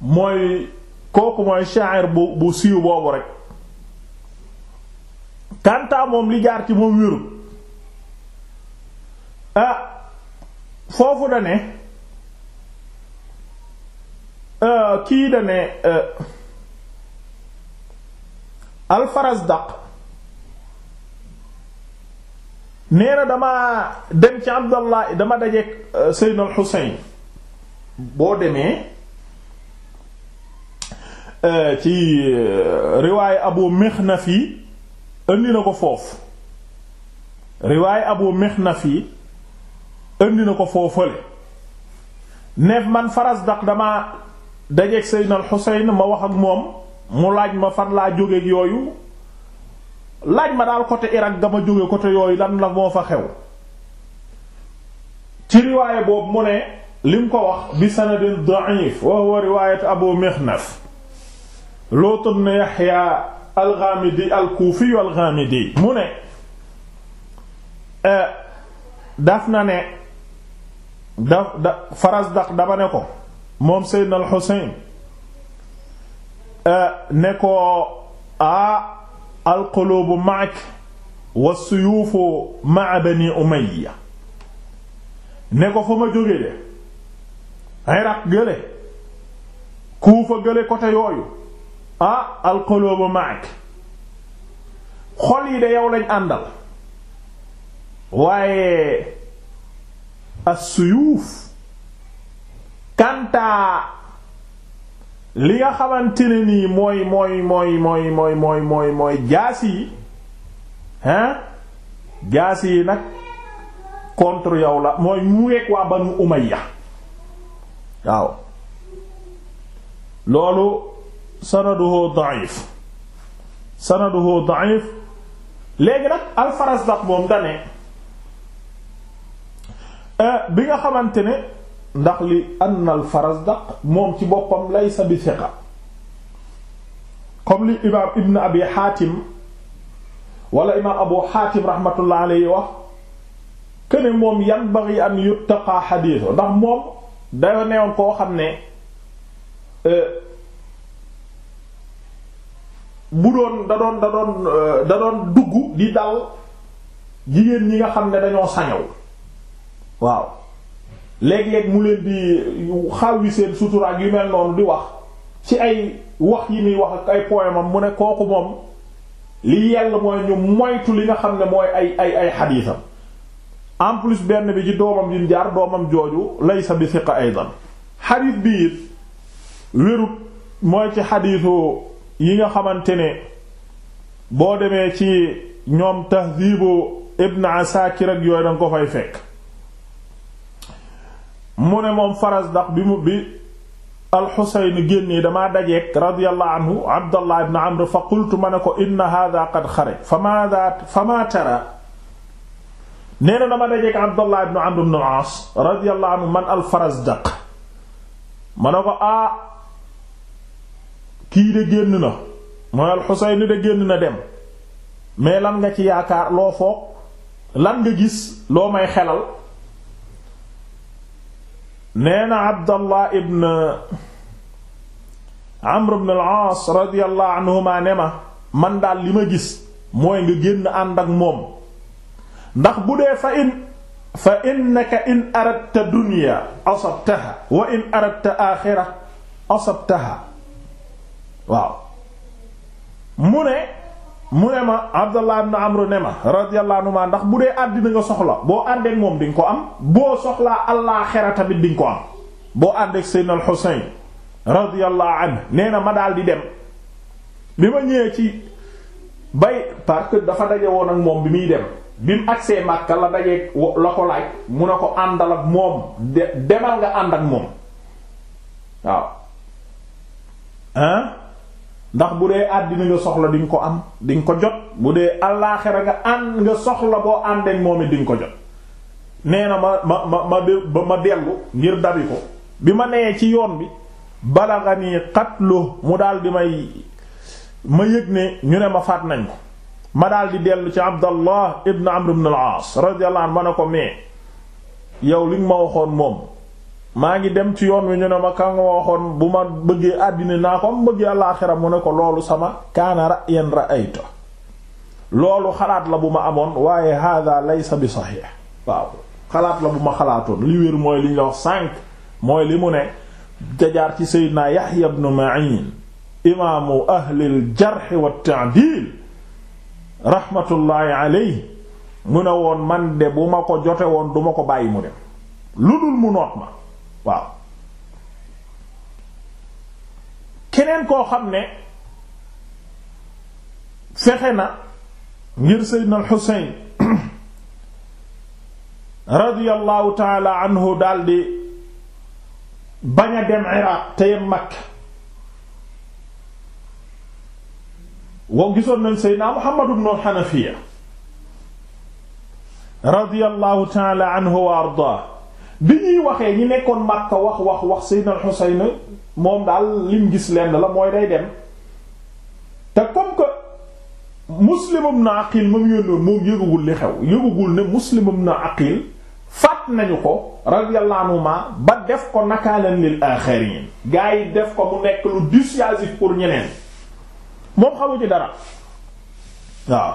mooy kooku mooy sha'ir bu bu siiw boobu rek kantaa moom li jaar ci moom wéru ah foofu da ah, kii da ne ah, alfarazdaq nee na dama dem ci abdallah dama dajeek ah, seydna al boo demee Euh, ci euh, riwaay abu mixnaf yi indi na ko foofu riwaay abu mixnaf yi indi na ko foofale neef man Farazdaq damaa dajeeg Seydina al-Xuseyn ma wax ak moom mu laaj ma fan laa jógeeg yooyu laaj ma daal côté Irak ga ma jóge côté yooyu lan la moo fa xew ci riwaay boobu mu ne lim ko wax bi sanadin da'if wa riwaayat Abu Mikhnaf Loot ibn Yahya al-Ghamidi al-Kufi al-Ghamidi mu ne eh, daf na ne da da Farazdaq dama ne ko moom Seydina al-Husayn eh, ne ko a al-qulubu ma'ak was-suyufu ma'a bani Umayya ne ko fa ma jóge de Iraq gële Kufa gële côté yooyu ah alqulubu ma'ak xol yi de yow lañ àndal waaye as-suyuuf li nga xamante ne nii mooy mooy mooy mooy mooy mooy mooy mooy jaas yi hein jaas yi nag contre yow la mooy mu weeg waa Banu Umayya waaw loolu sanaduhu da'if sanaduhu da'if léegi nag al moom dane euh, bi nga xamante ne ndax li anna al-Farazdaq moom ci boppam laysa bi thiqa comme li imaam Ibn Abi Abu Hatim rahmatullah alayhi wax këne moom yanbaghi an yuttaqa xadiisu ndax moom dafa neewoon koo xam ne. Euh, bu doon da doon euh, da doon dugg di dal jigéen ñi nga xam ne dañoo sañaw waaw léeg-léeg mu leen di yi seen sutura yu mel noonu di wax ci ay wax yi muy wax ak ay poème am mu ne kooku moom li yell mooy ñu moytu li nga xam ne mooy ay ay ay xadiisam en plus benn bi ci doomam yi jaar doomam jooju laysa bi siqa aydan xadiis bi it wérut mooy ci xadiisu yi nga xamante ne boo demee ci ñoom tahdibu ibn asakir ak yooyu danga ko fay fekk mu ne moom Farazdak bi mu bi alxusayn génnee damaa dajeek radiyallahu anhu abdallah ibn amr fa qultu ma ne ko inna hadha qad xaraj fa maada tara nee na dama dajeek abdallah ibn amr ibn al-aas anhu man al Farazdak ma ne ko ah kii de génn na mooy alxuseyn de génn na dem mais lan nga ci yaakaar loo foog lan nga gis loo may xelal nee na abdallah ibn amr ibn al radiyallahu anhuma ne ma man daal li ma gis mooy nga génn ànd ak moom ndax bu dee fa in fa innaka in aradta dunya asabtaha wa in aradta axira asabtaha waaw mu ne mu ne ma Abdallah ibn Amr ne ma radiyallahu ndax bu dee àddina nga soxla boo àndeek moom di nga ko am boo soxlaa allaaxira tamit di nga ko am boo àndeek Seydina al-Husayn nee na ma dal di dem bi ma ñëwee ci bay parce dafa daje woon ak moom bi muy dem bi mu agsee Makka la dajeeg la ko laaj mu ne ko àndal ak moom de demal nga ànd ak moom waaw ah ndax bu dee àddina nga soxla di ko am di ko jot bu dee allaaxira nga ànd nga soxla boo àndeek moom it di ko jot nee na ma ma ma ma ba ma dellu ngir dabi ko bi ma nee ci yoon bi balaga nii xatlu mu daal di may ma yëg ne ñu ne ma faat nañ ko ma daal dellu ci Abdallah ibn Amr ibn al-Aas radiyallahu ma ne ko mais yow li nga ma waxoon moom maa ngi dem ci yoon wi ñu ne ma ka bu ma bëggee àddina naa ko mu bëggee àllaaxira mu ne ko loolu sama kaana ra'yan ra'aytu loolu xalaat la bu ma amoon waaye hada laysa bi saxiix waaw xalaat la bu ma xalaatoon li wér mooy li ñu la mooy li mu ne jajaar ci Seydina Yaxya ibn Ma'in imaamu ahlil jarx wa ta'diil rahmatullahi alayhi mu ne woon man bu ma ko jote woon duma ko bàyyi mu dem lu dul mu noot ma waaw keneen koo xam ne fexe na ngir Seydina al-Xuseyn radiyallahu taala anhu daldi bañ a dem Iraq tey Makka wow gisoon nañ Seydina Muhammad ibn al-Hanafiya radiyallahu taala anhu wa ardaa bi ñuy waxee ñi nekkoon Makka wax wax wax Seydina Xuseyn moom daal lim gis lenn la mooy day dem te comme que muslimum na aqil moom yónnoon moom yëgagul li xew yëgagul ne muslimum na aqil faat nañu ko anu anhuma ba def ko nakaalan lil aaxariin gaa yi def ko mu nekk lu dissuasif pour ñeneen moom xamu ci dara waaw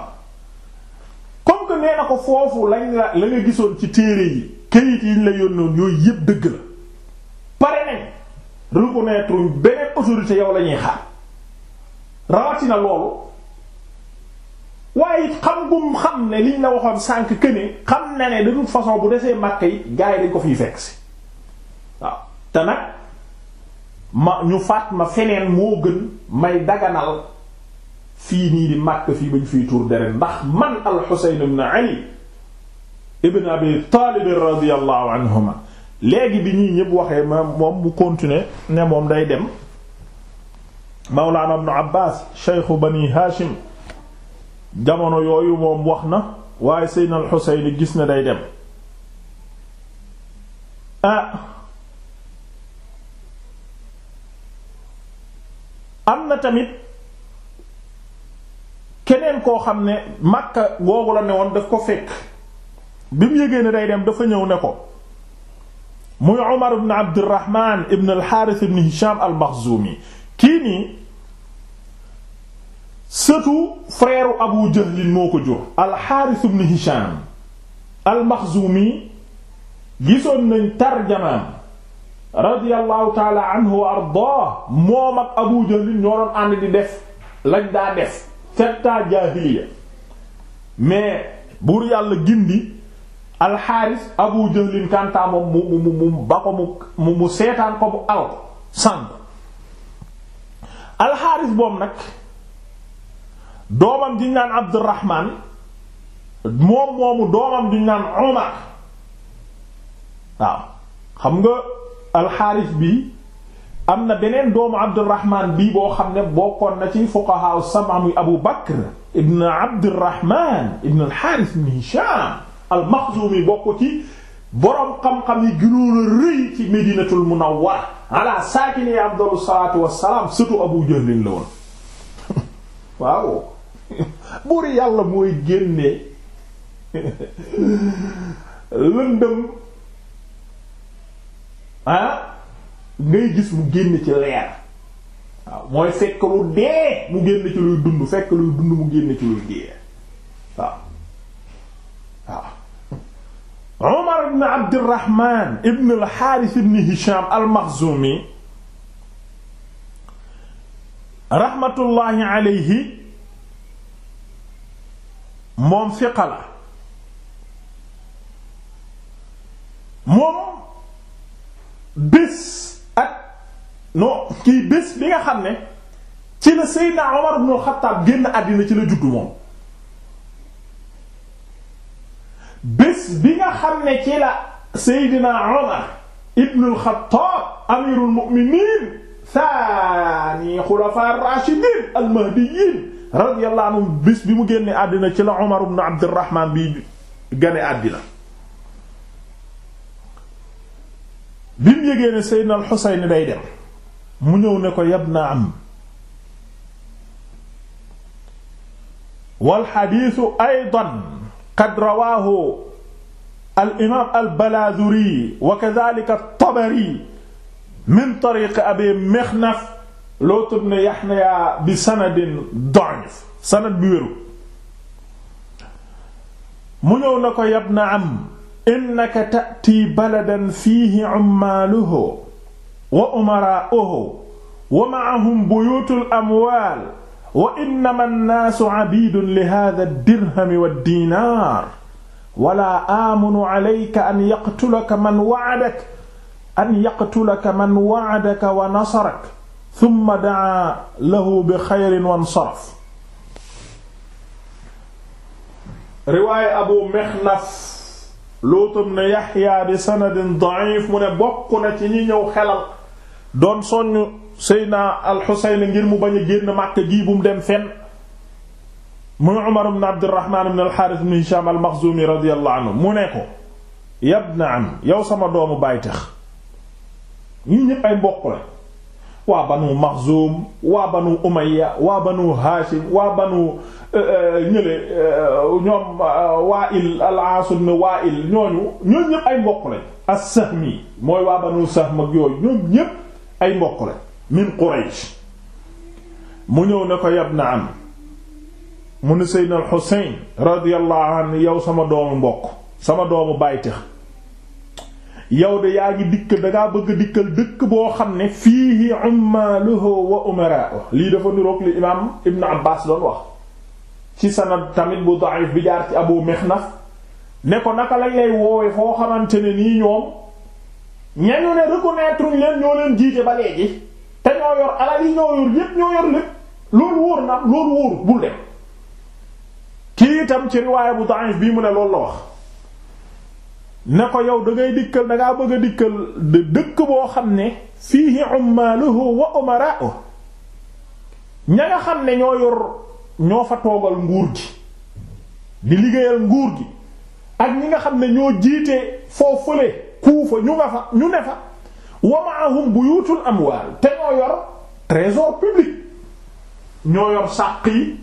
comme que nee na ko foofu lañ la la nga gisoon ci téere yi këyit yi ñu la yónnoon yooyu yëpp dëgg la pare nañ reconnaître beneen autorité yow lañuy ñuy xaar rawatina loolu waaye xam gum xam ne liñ la waxoon sànq que ne xam na ne de façon bu desee màkk yi gars dañ ko fiy fekk si waaw te nag ma ñu faat ma feneen moo gën may daganal fii nii di màkk fii bañ fiy tuur deret ndax man al Husayn ibn ibn abi taalib radiallahu anhuma léegi bi ñuy ñëpp waxee moom mu continuer ne moom day dem mawlaana ibn abbaas sheykhu bani haashim jamono yooyu moom wax na waaye seydna al xuseyn gis na day dem ah. am na tamit keneen koo xam ne makka googu la ne woon def ko fekk bi mu yégée ne day dem dafa ñëw ne ko muy Umar ibn Abdurrahman ibn al-Harith ibn Hisham al-Makhzumi kii nii sëtu frère Abu Jahlin moo ko jur al-Harith ibn Hisham gisoon nañ tarjamaam radiyallahu taala anhu wa ardaah moom ak Abu Jahlin ñoo doon ànd di def lañ daa def fettaa jaahiliya mais buur yàlla gindi alxaaris abu jahlin kàntaa moom mu mu mu ko mu mu seetaan ko mu al sànk alxaaris boobu nag doomam di naan abdurrahman moom moomu doomam di naan umar waaw xam nga alxaaris bi am na beneen doomu abdurrahman bii boo xam ne bokkoon na ci fuqaha sab'a muy abu bakr ibn abdurrahman ibn alxaaris ibn hisham al-Maxzumi bokk ci boroom xam-xam yi gënoon a rëy ci Medinatul Munawwara ala saakini afdalu salaatu wassalaam sëtu Abu Jahlin la waaw buur yàlla mooy génne lëndëm ah ngay gis mu génn ci leer waaw mooy fekk lu dee mu génn ci luy dund fekk luy dund mu génn ci luy dee waaw Omar ibn Abdirahman ibn al-Haaris ibn Hisham al-Makhzumi rahmatullahi alayhi moom fiqa la moom bés ak non kii bés bi nga xam ne ci la Seydina Omar ibn al-Khattab génn àddina ci la juddu moom. bés bi nga xam ne ci la Seydina Omar ibnul Xattaab amirul mu'miniin saani xulafaa raashidiin almahdiyyiin radiyallahu anhu bés bi mu génne àddina ci la Omar ibn Abdurrahmaan bi gane àddina bi mu yégee ne Seydina al-Xuseyn day dem mu ñëw ne ko yabna am wal xadiisu aydan qad rawaahu al imaam al balaazuri wa kadhalika at-tabari min tariiqi abi mixnaf l'autre ne yaxya bi sanadin da'if sanad bi wéru mu ñëw na ko yabna am innaka ta'ti baladan fiihi ummaaluhu wa umaraa'uhu wa ma'ahum buyuutul amwaal wa innama nnaasu abidun li hada dirhami wa diinaar wala aamunu alayka an yaqtulaka man wa'adak an yaqtulaka man wa'adaka wa nasarak thumma da'aa lahu bi xayrin wa nsaraf riwaaya abu mixnaf luutum ne yaxya bi sanadin da'if mu ne bokk na ci ñi ñëw xelal doon soññ Seydina al-Xuseyn ngir mu bañ a génn Makka gii bu mu dem fenn muy Umar ibn Abdurrahman ibn al-Harith ibn Hisham al-Makhzumi radiyallahu anhu mu ne ko yabna yow sama doomu baay tax ñi ñépp ay mbokk la waa banu Maxzum waa banu Umayya waa banu Haashim waa banu eh, eh, eh, al-Aas ibn Waa'il ñooñu ñooñu ñépp ay mbokk lañ sahmi mooy waa banu Sahm ak ñoom ñépp ay mbokk min Quraysh mu ñëw ne ko na am mu ne Seydina al Xuseyn radiyallahu anhu yow sama doomu mbokk sama doomu bàytix yow de yaa ngi dikk dangaa bëgg dikkal dëkk boo xam ne fiihi ummaaluhu wa umaraa'u lii dafa niroog li imaam Ibn Abbas doon wax ci sanad tamit bu da'if bi jaar ci Abu Mixnaf ne ko naka lañ lay woowe foo xamante ne nii ñoom ñañu ne reconnaître leen ñoo leen jiite ba léegi te ñoo yor alal yi ñoo yor yépp ñoo yor lépp loolu wóor na loolu wóor bul dem kii itam ci riwaaya bu da'if bii mu ne loolu la wax ne ko yow dangay ngay dikkal da bëgg a dikkal de dëkk boo xam ne fiihi ummaaluhu wa umaraa'uhu ña xam ne ñoo yor ñoo fa toogal nguur gi di liggéeyal nguur gi ak ñi nga xam ne ñoo jiite foo fële kuu ñu nga fa ñu ne fa wa ma'ahum buyutul amwaal te ñoo yor trésor public ñoo yor sàq yi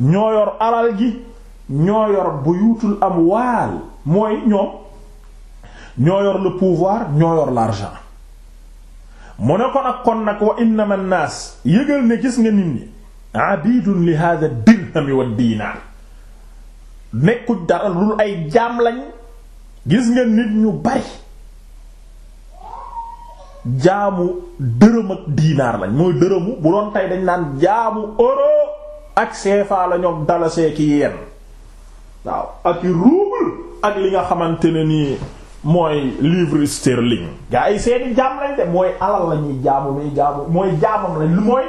ñoo yor alal gi ñoo yor buyutul amwaal mooy ñoom ñoo yor le pouvoir ñoo yor l'argent mu ne ko nag kon nag wa innama naas yëgal ne gis nga nit ñi abidun li hada dirhami wa diinaar nekkuñ dara lul ay jaam lañ gis nga nit ñu bari jaamu dërëm ak diinaar lañ mooy dërëmu bu doon tey dañ naan jaamu euro ak CFA la ñoom dalasee ki yeen waaw ak i rouble ak li nga xamante ne nii mooy livre sterling gaa yi seeni jaam lañ de mooy alal la jaamu muy jaamu mooy jaamam lañ lu mooy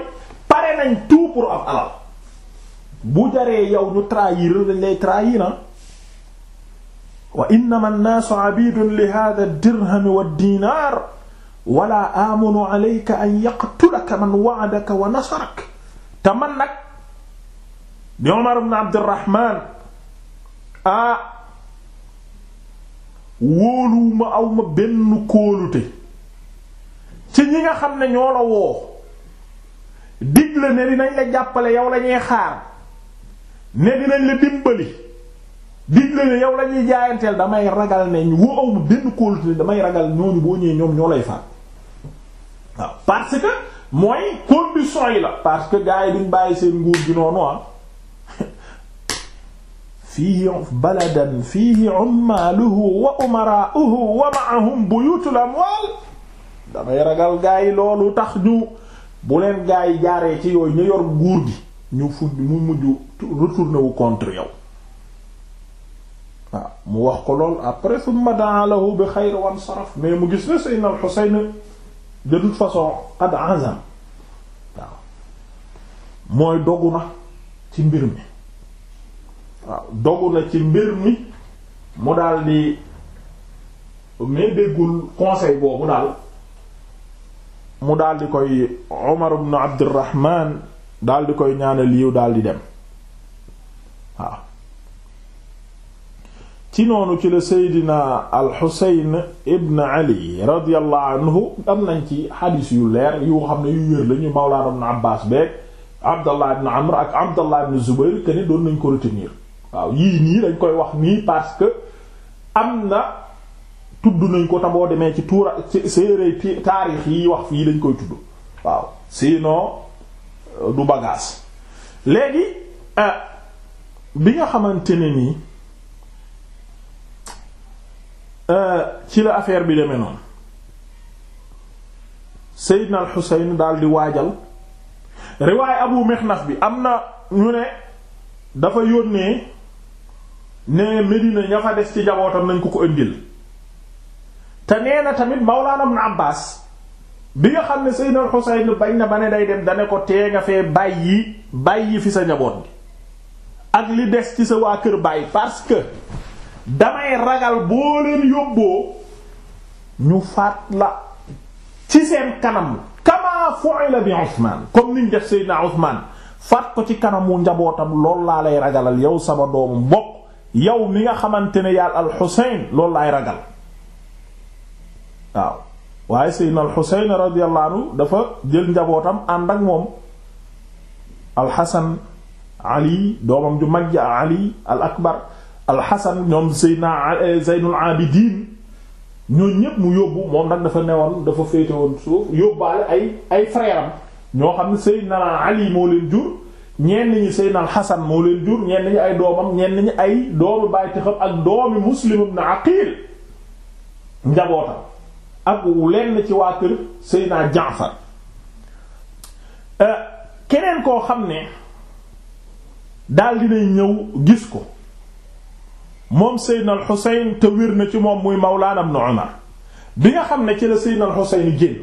pare nañ tout pour am alal bu jaree yow ñu trahir dañ lay trahir na ah. wa innama an-naasu li hadha ad-dirham wad wala amunu alayka an yaqtulaka man wa'adaka wa nasarak te man nag di Umar ibn Abdurrahman ah wóoluwuma aw ma benn kóolute ci ñi nga xam ne ñoo la woo digle ne dinañ la jàppale yow lañuy ñuy xaar ne dinañ la dimbali digle ne yow la ñuy jaayanteel damay ragal ne ñu woo aw ma benn kóolute damay ragal ñooñu boo ñëwee ñoom ñoo lay faat waaw parce que mooy condition yi la parce que gars yi duñ bàyyi seen nguur gi noonu ah fiihi baladan fiihi ummaaluhu wa umaraa'uhu wa ma'ahum buyutul amwaal damay ragal gars yi loolu tax ñu bu leen gars jaaree ci yooyu ñu yor nguur gi ñu fu mu mujj retourné wu contre yow waaw mu wax ko lool après summa daa lahu bi xayr wan mais mu gis ne Seydina al de toute façon qad azam waaw mooy dogu na ci mbir mi waaw dogu na ci mbir mi mu daldi di mais déggul conseil boobu daal mu daldi koy Umar ibn Abdurrahman daal di koy ñaanal yiw daal di dem waaw ci noonu ci la seydina al xuseyn ibn ali radiallahu anhu am nañ ci xadiis yu leer yu xam ne yu wér lañu mawlaana ibn abbaas beek abdallah ibn amr ak abdallah ibn zubayr te doon nañ ko retenir waaw yii nii dañ koy wax nii parce que am na tudd nañ ko te boo demee ci tuura ci séeréer taarix yi wax fii dañ koy tudd waaw sinon euh, du bagaas léegi euh, bi nga xamante ne nii Euh, ci la affaire bi demee noonu Seydina al daal di waajal riwaay Abu Mixnaf bi am na ñu ne dafa yónnee ne Medina ña fa des ci jabootam nañ ko ko ëndil te nee na tamit Mawlaana Ibn Abbaas bi nga xam ne Seydina al bañ na ba ne day dem dane ko tee nga fee bàyyi bàyyi fi sa njaboot gi ak li des ci sa waa kër bàyyi parce damay ragal boo leen yóbboo ñu faat la ci seen kanam kama fu'ila bi Usman comme niñ def Seydina Usman faat ko ci kanamu njabootam loolu laa lay ragalal yow sama doomu mbokk yow mi nga xamante ne yàlla al Xuseyn laay ragal waaw waaye Seydina al Xuseyn dafa jël njabootam ànd ak moom al Xasan Ali doomam ju mag ja Ali al alxasan ñoom Seydina eh, Zeynul Abidin ñooñu ñépp mu yóbbu moom nag dafa newoon dafa féete woon suuf yóbbaale ay ay ñoo xam ne Seydina Ali moo leen jur ñenn ñi Seydina alxasan moo leen jur ñenn ñi ay doomam ñenn ñi ay doomi ak doomi Muslim ibn lenn ci waa kër Seydina eh, keneen koo xam ne daal dinay ñëw gis ko moom Seydina al Xuseyn te wér na ci moom muy Mawlaana ibn Umar bi nga xam ne ci la Seydina al Xuseyn génn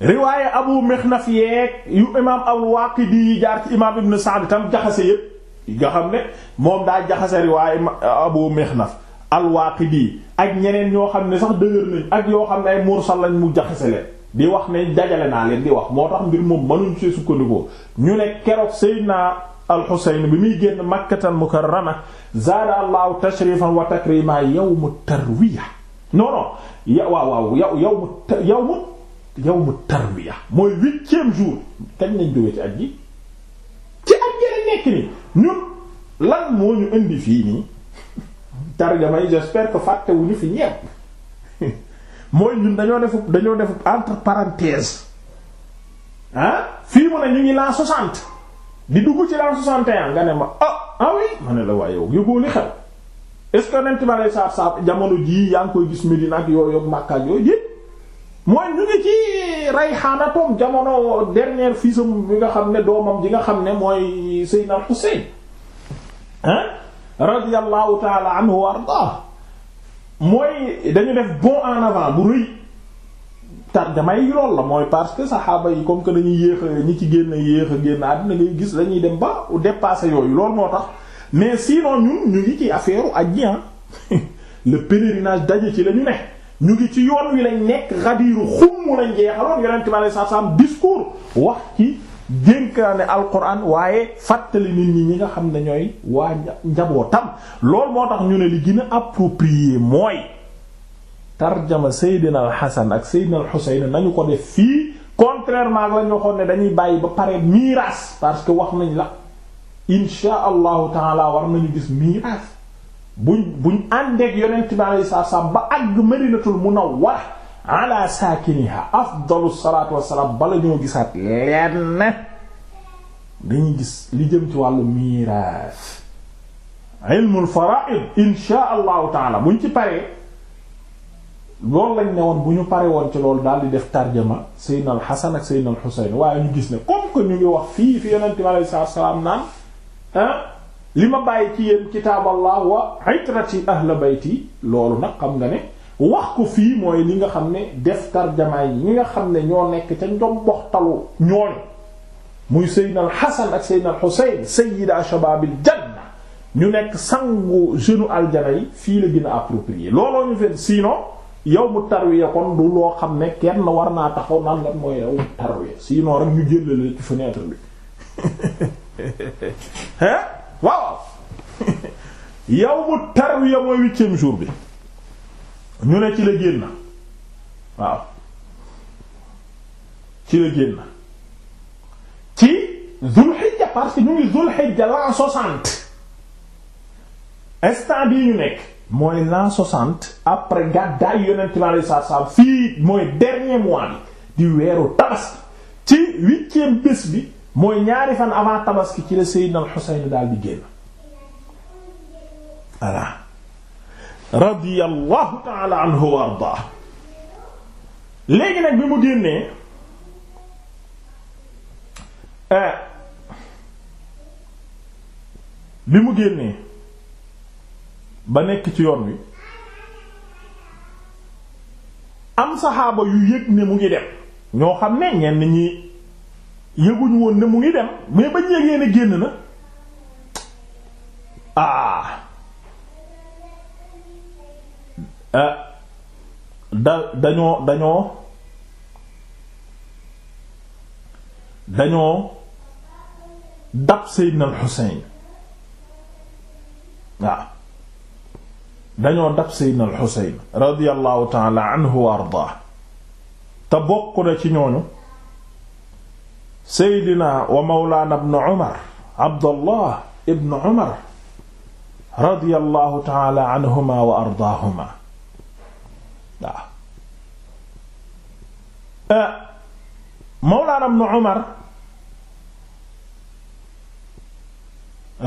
riwaaye Abu Mixnaf yeeg yu imaam al-Waaqidi yi jaar ci imaam Ibn Sa'd tam jaxase yépp nga xam ne moom daa jaxase riwaaye Abu Mixnaf al-Waaqidi ak ñeneen ñoo xam ne sax dëgër nañ ak yoo xam ne ay mursal lañ mu jaxase leen di wax ne dajale naa leen di wax moo tax mbir moom mënuñ ci sukkandikoo ñu ne keroog Seydina alxusayn bi muy génn makkatan mukarrama zaada wa takrima yawmu tarwiya non non ya waaw waaw yow yawmu yawmu yawmu tarwiya mooy huitième jour kañ nañ jógee ci aj ji ci aj ni ñun lan moo ñu indi fii nii tarjama yi j'espère que fàttewuñu fi ñepp mooy ñun dañoo def entre parenthèses ah fii mu ne ñu ngi la soixante di dugg ci l'an 61 nga ne ma ah ah ma ne la waaye yow yóbboo li xel est-ce que nent jamono jii yaa ngi koy gis Medina ak yooyu yëpp Makka ak yooyu yëpp mooy ñu ngi ci rayxaana toom jamono dernière fiisam bi nga xam ne doomam ji nga xam ne mooy Seydina Xuseyn ah radiyallahu taala anhu wa ardaa mooy dañu def bon en avant bu rëy tarjama yi lool la mooy parce que saxaaba yi comme que dañuy yéex a ñi ci génn yéex a génn àddina ngay gis lañuy dem ba dépasser yooyu lool moo tax mais sinon ñun ñu ngi ci affaire u ajji le ci la ñu ne ñu ngi ci yoon wi lañ nekk xadiiru xumm lañ jeexaloon yonent bi alayhi salaam discours wax ci dénkaane alquran waaye fàttali nit ñi ñi nga xam ne ñooy waa njabootam loolu moo tax ñu ne li gën a mooy tarjama Seydina al Hasan ak Seydina al Husayn nañu ko def fii contrairement ak lañu waxoon ne dañuy bàyyi ba pare miraas parce que wax nañ la insha allahu taala war nañu gis miraas buñ buñ àndeek yonent bi alayhi salaatu salaam ba àgg Madinatul Munawwara ala saakiniha afdalu salaatu wassalaam bala ñoo gisaat lenn dañuy gis li jëm ci wàllu miraas ilmul fara'id insha allahu taala buñ ci pare loolu lañ ne woon bu ñu pare woon ci loolu daal di def tarjama Seydina al Hasan ak Seydina al waaye ñu gis ne comme que ñu ngi wax fii fi yonent bi alayhi salaatu ah, li ma bàyyi ci yéen kitaaballah wa itrati ahla bayti loolu nag xam nga ne wax ko fii mooy li nga xam ne def tarjama yi ñi nga xam ne ñoo nekk ca njomboxtalu ñooñ muy Seydina al Hasan ak Seydina al Husayn sayyida shababil janna ñu nekk sangu jeune aljana yi fii la gën a approprié looloo ñu fen sinon yawmu tarwiya kon du loo xam ne kenn war naa taxaw naan lan mooy yawmu tarwiya sinon rek ñu jëlale ci fenêtre bi hein waaw yawmu tarwiya mooy huitième jour bi ñu ne ci la génn waaw ci la génn ci zul xijja parce que ñu ngi zul xijja la soixante instant bii ñu nekk mooy l'an soixante après gàddaay yonent mi alayhi salaatu salaam fii mooy dernier mois bi di weeru tabaski ci huitième bés bi mooy ñaari fan avant tabaski ci la Seydina al-Husayn daal di génn voilà radiyallahu ta'ala anhu wa ardaa léegi nag bi mu génnee eh, bi mu génnee ba nekk ci yoon wi am saxaaba yu yëg ne mu ngi dem ñoo xam ne ñenn ñi yëguñu woon ne mu ngi dem mais bañ yëgee ne génn na ah, ah da dañoo dañoo dañoo dab Seydina al waaw dañoo dab seydna al xuseyn radiallahu taala anhu wa ardaa te bokk na ci ñooñu seydina wa mawlaana bnu umar abdallah ibnu umar radiallahu taala anhuma wa ardaahuma waaw eh, mawlaana bnu umar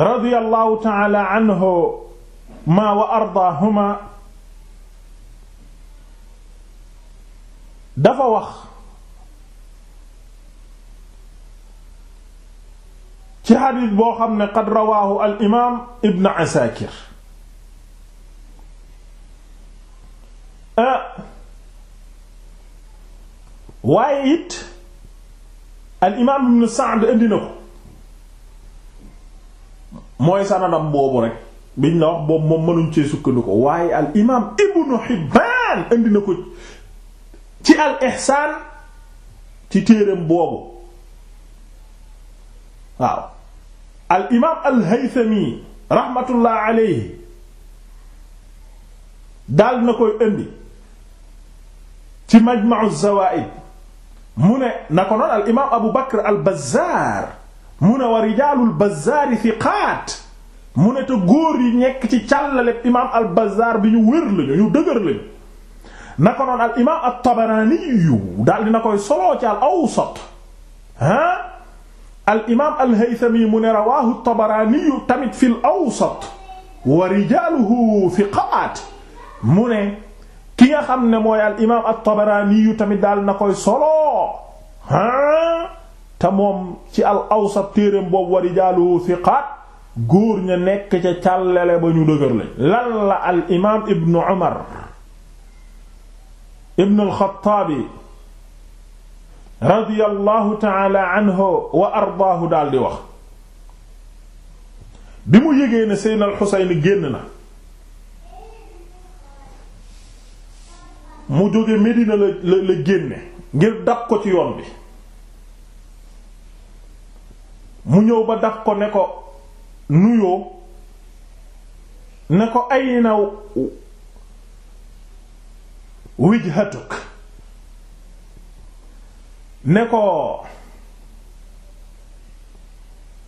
radiallahu taala anhu ma wa ardaahuma dafa wax ci xadiis boo xam ne qad rawaahu al imaam ibn Asakir ah. waaye it al imaam ibn Sa'd indi na ko mooy sanadam boobu rek biñ wax boobu moom mënuñ ci sukkandiku waaye al imaam ibnu Hibbaan indi na ko ci al ci téereem boobu waaw al imaam rahmatullah alayhi daal na koy indi ci majma'u zawaa'id mu ne na ko noon al imaam Abu Bakr al Bazzaar mu ne wa rijaalul Bazzaar thiqaat mu ne te góor yi nekk ci càllaleb imaam al bazaar bi ñu wér lañu ñu dëgër lañu naka noonu al imaam al tabaraani daal dina koy soloo ci al awsat ah al imaam al haythami mu ne rawaahu tabaraani tamit fi al awsat wa rijaaluhu thiqaat mu ne ki nga xam ne mooy al imaam al tabaraani tamit daal na koy soloo ah te moom ci al awsat téereem boobu wa rijaaluhu thiqaat góor ña nekk ca càllale ba ñu dëgër lañ lan al imaam ibnu umar ibnu alxataabi radiyallahu taala anhu wa ardaahu daldi wax bi mu yégee ne seydna al génn na mu jóge Medina la la génne ngir dab ko ci yoon bi mu ñëw ba dab ko ne ko nuyoo ne ko ayna wijhatuk ne ko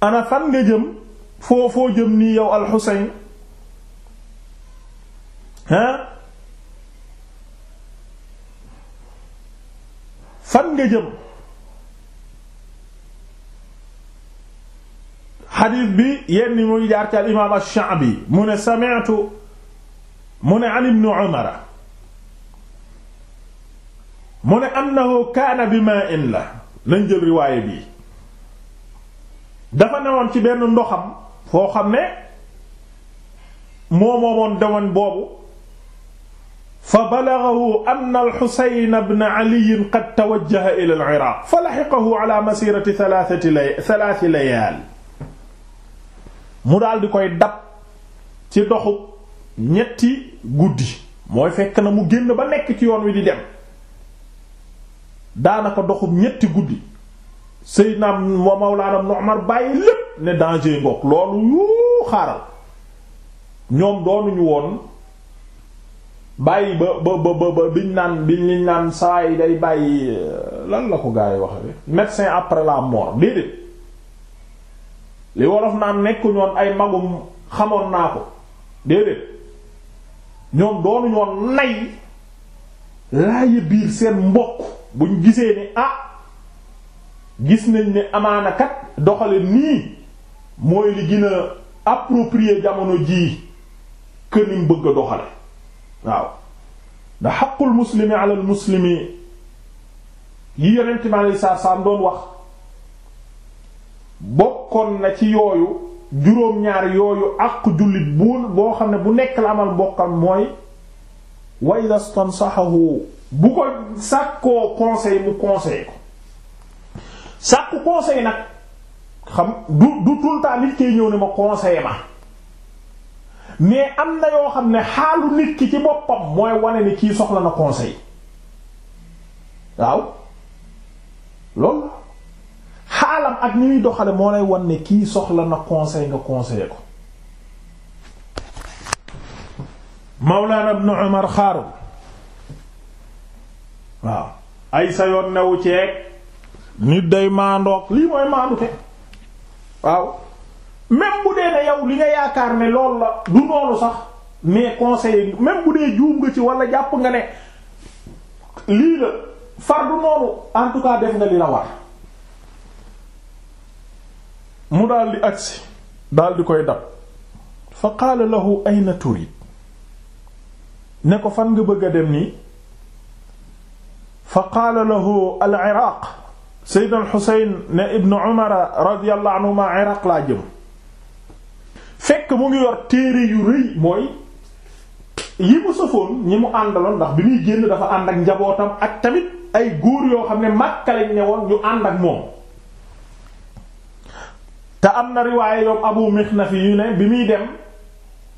ana fan nga jëm foo foo jëm nii yow alxuseyn hein fan nga jëm xadiis bi yenn mu ngi jaar ci al imaam ash-Sha'bi mu ne sami'tu mu ne an ibnu Umar mu ne annahu kaana bi maa'in la lañ jël riwaaye bii dafa newoon ci benn ndoxam foo xam ne moo moomoon dewoon boobu fa balaghahu anna al-Husayn ibn Ali qad tawajjaha ila al-Iraq fa lahiqahu ala masirati thalathati layal mu daal di koy dab ci doxu ñetti guddi mooy fekk na mu génn ba nekk ci yoon wi di dem daanaka doxub ñetti guddi Seydina wa Mawlaana Umar bàyyi lépp ne danger ngoog loolu yuu xaaral ñoom doonuñu woon bàyyi ba ba ba ba biñ naan biñ liñ naan saa yi day bàyyi lan la ko gaa yi waxee médecin après la mort déedéet li wolof naan nekku ñoon ay magum xamoon naa ko déedéet ñoom doonu ñoon nay laaya biir seen mbokk buñ gisee ni ah gis nañ ni amaanakat doxale nii mooy li gën a jamono jii kër kënim bëgg a doxale waaw da xaqul muslimi alal muslimi yi yonent mi alei saatu salaam doon wax bokkoon na ci yooyu juróom-ñaar yooyu àq jullit buul boo xam ne bu nekk la amal bokkam mooy wa idha stansahahu bu ko sàkkoo conseil mu conseil ko sàkku conseil nag xam du du tout le ñëw ne ma conseil ma mais am na yoo xam ne xaalu nit ki ci boppam mooy wane ni kii soxla na conseil waaw loolu xaalam ak ni muy doxale moo lay wan ne kii soxla na conseil nga conseiller ko Mawlana ibn Umar xaaru waaw ay sa yoon newu ceeg nit day maandoog lii mooy maandute waaw même bu dee ne yow li nga yaakaar ne loolu la du noonu sax mais conseiller même bu dee juum nga ci wala jàpp nga ne lii la far du noonu en tout cas def nga li la war mu di agsi di koy dab fa qaala lahu ayna turid ne ko fan nga bëgg a dem nii fa qaala lahu al iraq seydna al ne ibnu umara radiyallahu anhuma iraq laa jëm fekk mu ngi yor téere yu rëy mooy yi mu sëfoon ñi mu àndaloon ndax bi muy génn dafa ànd ak njabootam ak tamit ay góor yoo xam ne Makka ne woon ñu ànd ak moom te am na riwaaye yoom abu mixnaf yu ne bi muy dem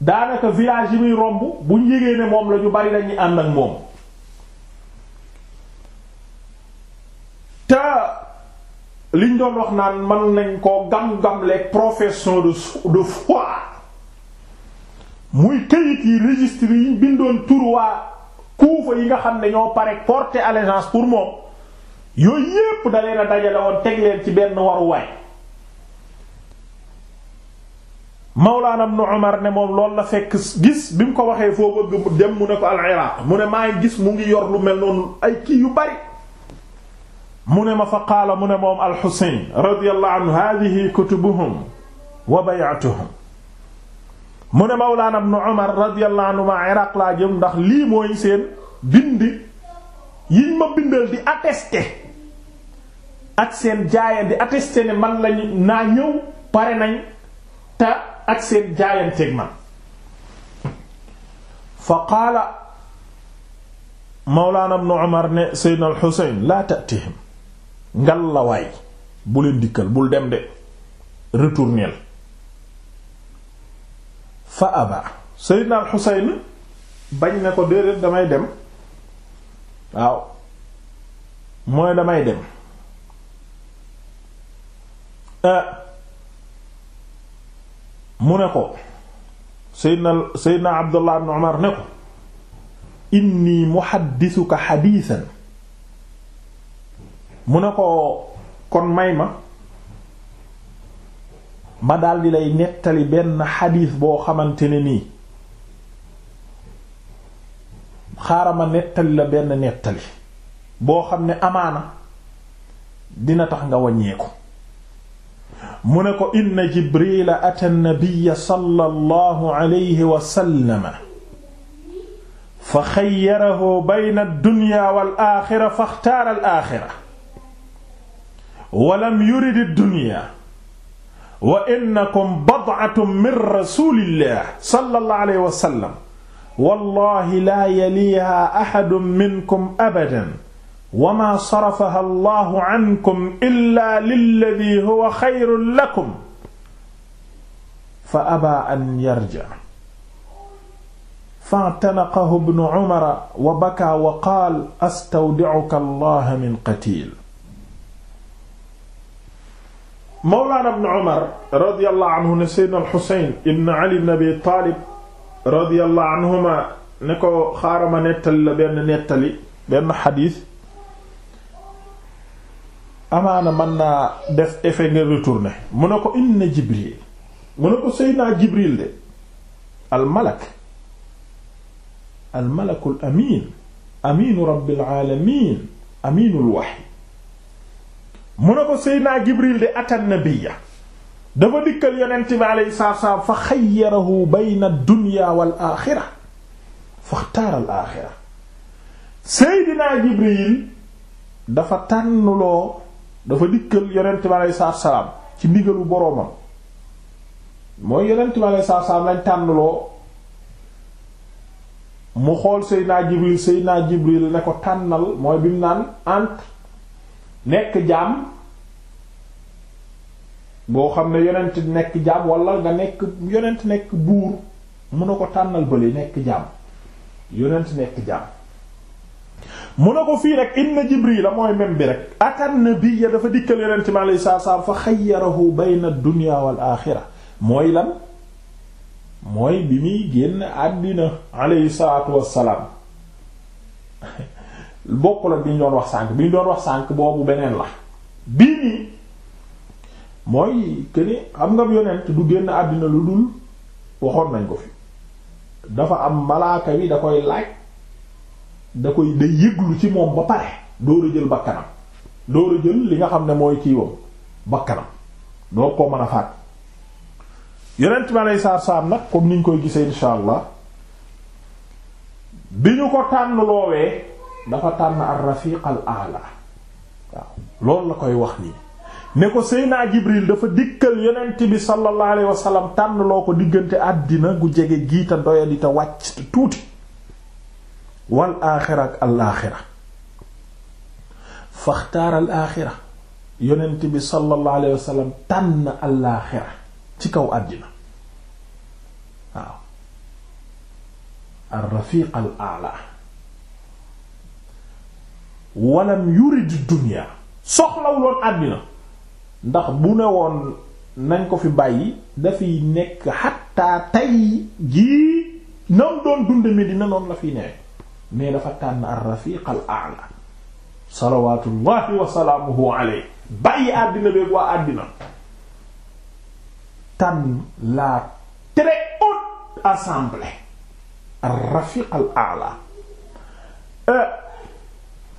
daanaka village yi muy romb buñ yégee ne moom lañu bari dañuy ànd ak moom te liñ doon wax naan mën nañ ko gam-gamle profession de de muy këyit yi registre yi bindoon tur waa kuufa yi nga xam ne ñoo pare porter allégeance pour moom yooyu yépp da leen a dajale woon teg leen ci benn waruwaay Mawlaana Ibnu Umar ne moom loolu la fekk gis bi mu ko waxee foo bëgg dem mu ne ko al-Iraq mu ne maa ngi gis mu ngi yor lu mel noonu ay kii yu bari mu ne ma fa qaala mu ne moom al-Husayn radiyallahu anhu haadihi kutubuhum wa bay'atuhum mu ne Mawlaana Ibnu Umar radiyallahu anhu ma Iraq laa jëm ndax lii mooy seen bind yiñ ma bindal di attesté ak seen jaaya di attesté ne man lañu naa ñëw pare nañ te ak seen jaayanteeg man fa qaala mawlaana ibnu umar ne seydna al xuseyn laa tatihim ngal la waay bu leen dikkal bul dem de retourneel fa aba seydna al bañ ne ko déedéet damay dem waaw mooy damay dem eh, mu ne ko seydna seydna abdullah ibn umar ne ko inni muhaddisuka xadiisan mu ne ko kon may ma ma daldi lay nettali benn xadiis boo xamante ne nii xaaral ma nettali la benn nettali boo xam ne amaana dina tax nga wàññeeku mu ne ko inna jibrila ata nabiyya sallallahu alayhi wa sallama fa xayyarahu bayna ad-dunya wal aaxira fa xtaara al-aaxira wa lam yurid ad-dunya wa innakum bad'atun min rasulillah sallallahu alayhi wa sallam wallahi la yaliha ahadun minkum abadan wama sarafaha allahu ankum illa lilladi huwa xayrun lakum fa abaa an yarja fa'tanaqahu ibnu umara wa bakaa wa qaal astawdi'uka allaha min qatil mawlaana ibnu umar radiyallahu anhu ne seydna alxusayn ibn ali ibn abi taalib radiyallahu anhuma ne ko xaarama nettali la benn nettali benn xadiis amaana man naa def effet nga retourné mu ne ko inna jibril mu ne ko seydinaa jibril de al malak al malakul amin aminu rabbil alamin aminul mu ne ko seydinaa jibril de atan nabiyya dafa dikkal yonent bi alayhi salaatu salaam fa xayyarahu bayna dunya wal axira faxtaara al axira seydinaa jibril dafa tànnuloo dafa dikkal yonent bi aleyhi salaatu salaam ci ndigalu boroomam mooy yonent bi aleyhi salaatu salaam lañ tànnloo mu xool Seydina Jibril Seydina Jibril ne ko tànnal mooy bi mu naan entre nekk jaam boo xam ne yonent nekk jaam wala nga nekk yonent nekk buur mun na ko tànnal bële nekk jaam yonent nekk jaam mu ne ko fii rek inna la mooy même bi rek atan nabiyya dafa dikkal yonent mi alayhi salaatu salaam fa xayyarahu bayna dunya wal axira mooy lan mooy bi muy génn àddina alayhi salaatu wassalaam bokk la bi ñu doon wax sànk bi ñu doon wax sànk boobu beneen la bii nii mooy këni xam nga yonent du génn àddina lu dul waxoon nañ ko fi dafa am malaaka bi da koy laaj da koy day yëglu ci moom ba pare door jël bakkanam door a jël li nga xam ne mooy kiiwam bakkanam door ko mën a faat yonent bi aleyhi salaatu salaam nag comme niñ koy gisee insha allah bi ñu ko tànn loowee dafa tànn ar rafiq al loolu la koy wax nii ne ko naa Jibril dafa dikkal yonent bi sallallahu alayhi wa sallam tànn loo ko diggante àddina gu jege giita doyadi te wàcc tuuti wal aaxira ak alaaxira faxtaar alaaxira yonent bi sallallahu alayhi tànn tànn alaaxira ci kaw àddina waaw al rafiq al aala walam yurid dunya soxlaw loon àddina ndax bu ne woon nañ ko fi bàyyi dafiy nekk xattaa tey jii nam doon dunde Medina noonu la fi newee mais dafa tànn ar-rafiq al-a'la salawatullahi wa salaamuhu alayhi bàyyi àddina beeg waa àddina tànn la très haute assemblée ar-rafiq al-a'la euh,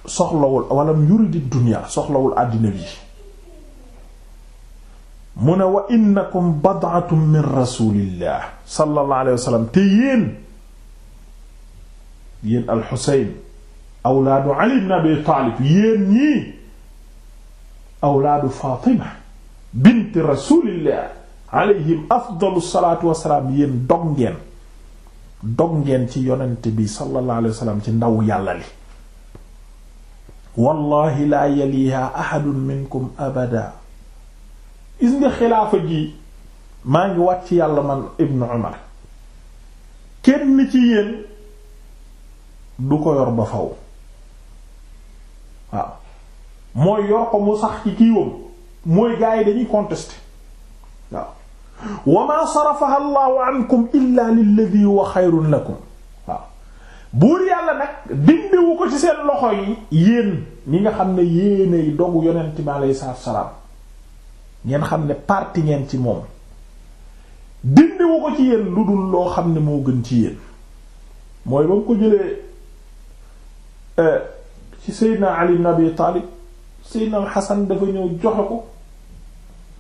soxlawul walam yuridi dunya soxlawul àddina bi mu ne wa innakum bad'atun min rasulillah sallallahu alayhi wa sallam te yéen yéen alxusayn awlaadu ali ibn abi taalib yéen ñii awlaadu fatima bint rasulillah alayhim afdalu salaatu wasalaam yéen dog ngeen dog ngeen ci yonent bi sallallahu alayhi wa sallam ci ndaw yàlla li wallahi laa yaliha ahadun minkum abada gis nga xilaafa gi maa ngi wàcc yàlla man ibnu umar kenn ci yéen du ko yor ba faw waaw mooy yor ko mu sax ci kiiwam mooy gaa yi dañuy contester waaw wa ma sarafaha allahu ankum illa lilladi wa xayrun lakum waaw buur yàlla nag dindiwu ko ci seen loxo yi yéen ñi nga xam ne yéenay dogu yonent bi aleyhi salaatu salaam ngeen xam ne parti ngeen ci moom dindiwu ko ci yéen lu dul loo xam ne moo gën ci yéen mooy ba mu ko jëlee Euh, ci Seydina Ali ibn Abi Taalib Seydina Xasan dafa ñëw joxe ko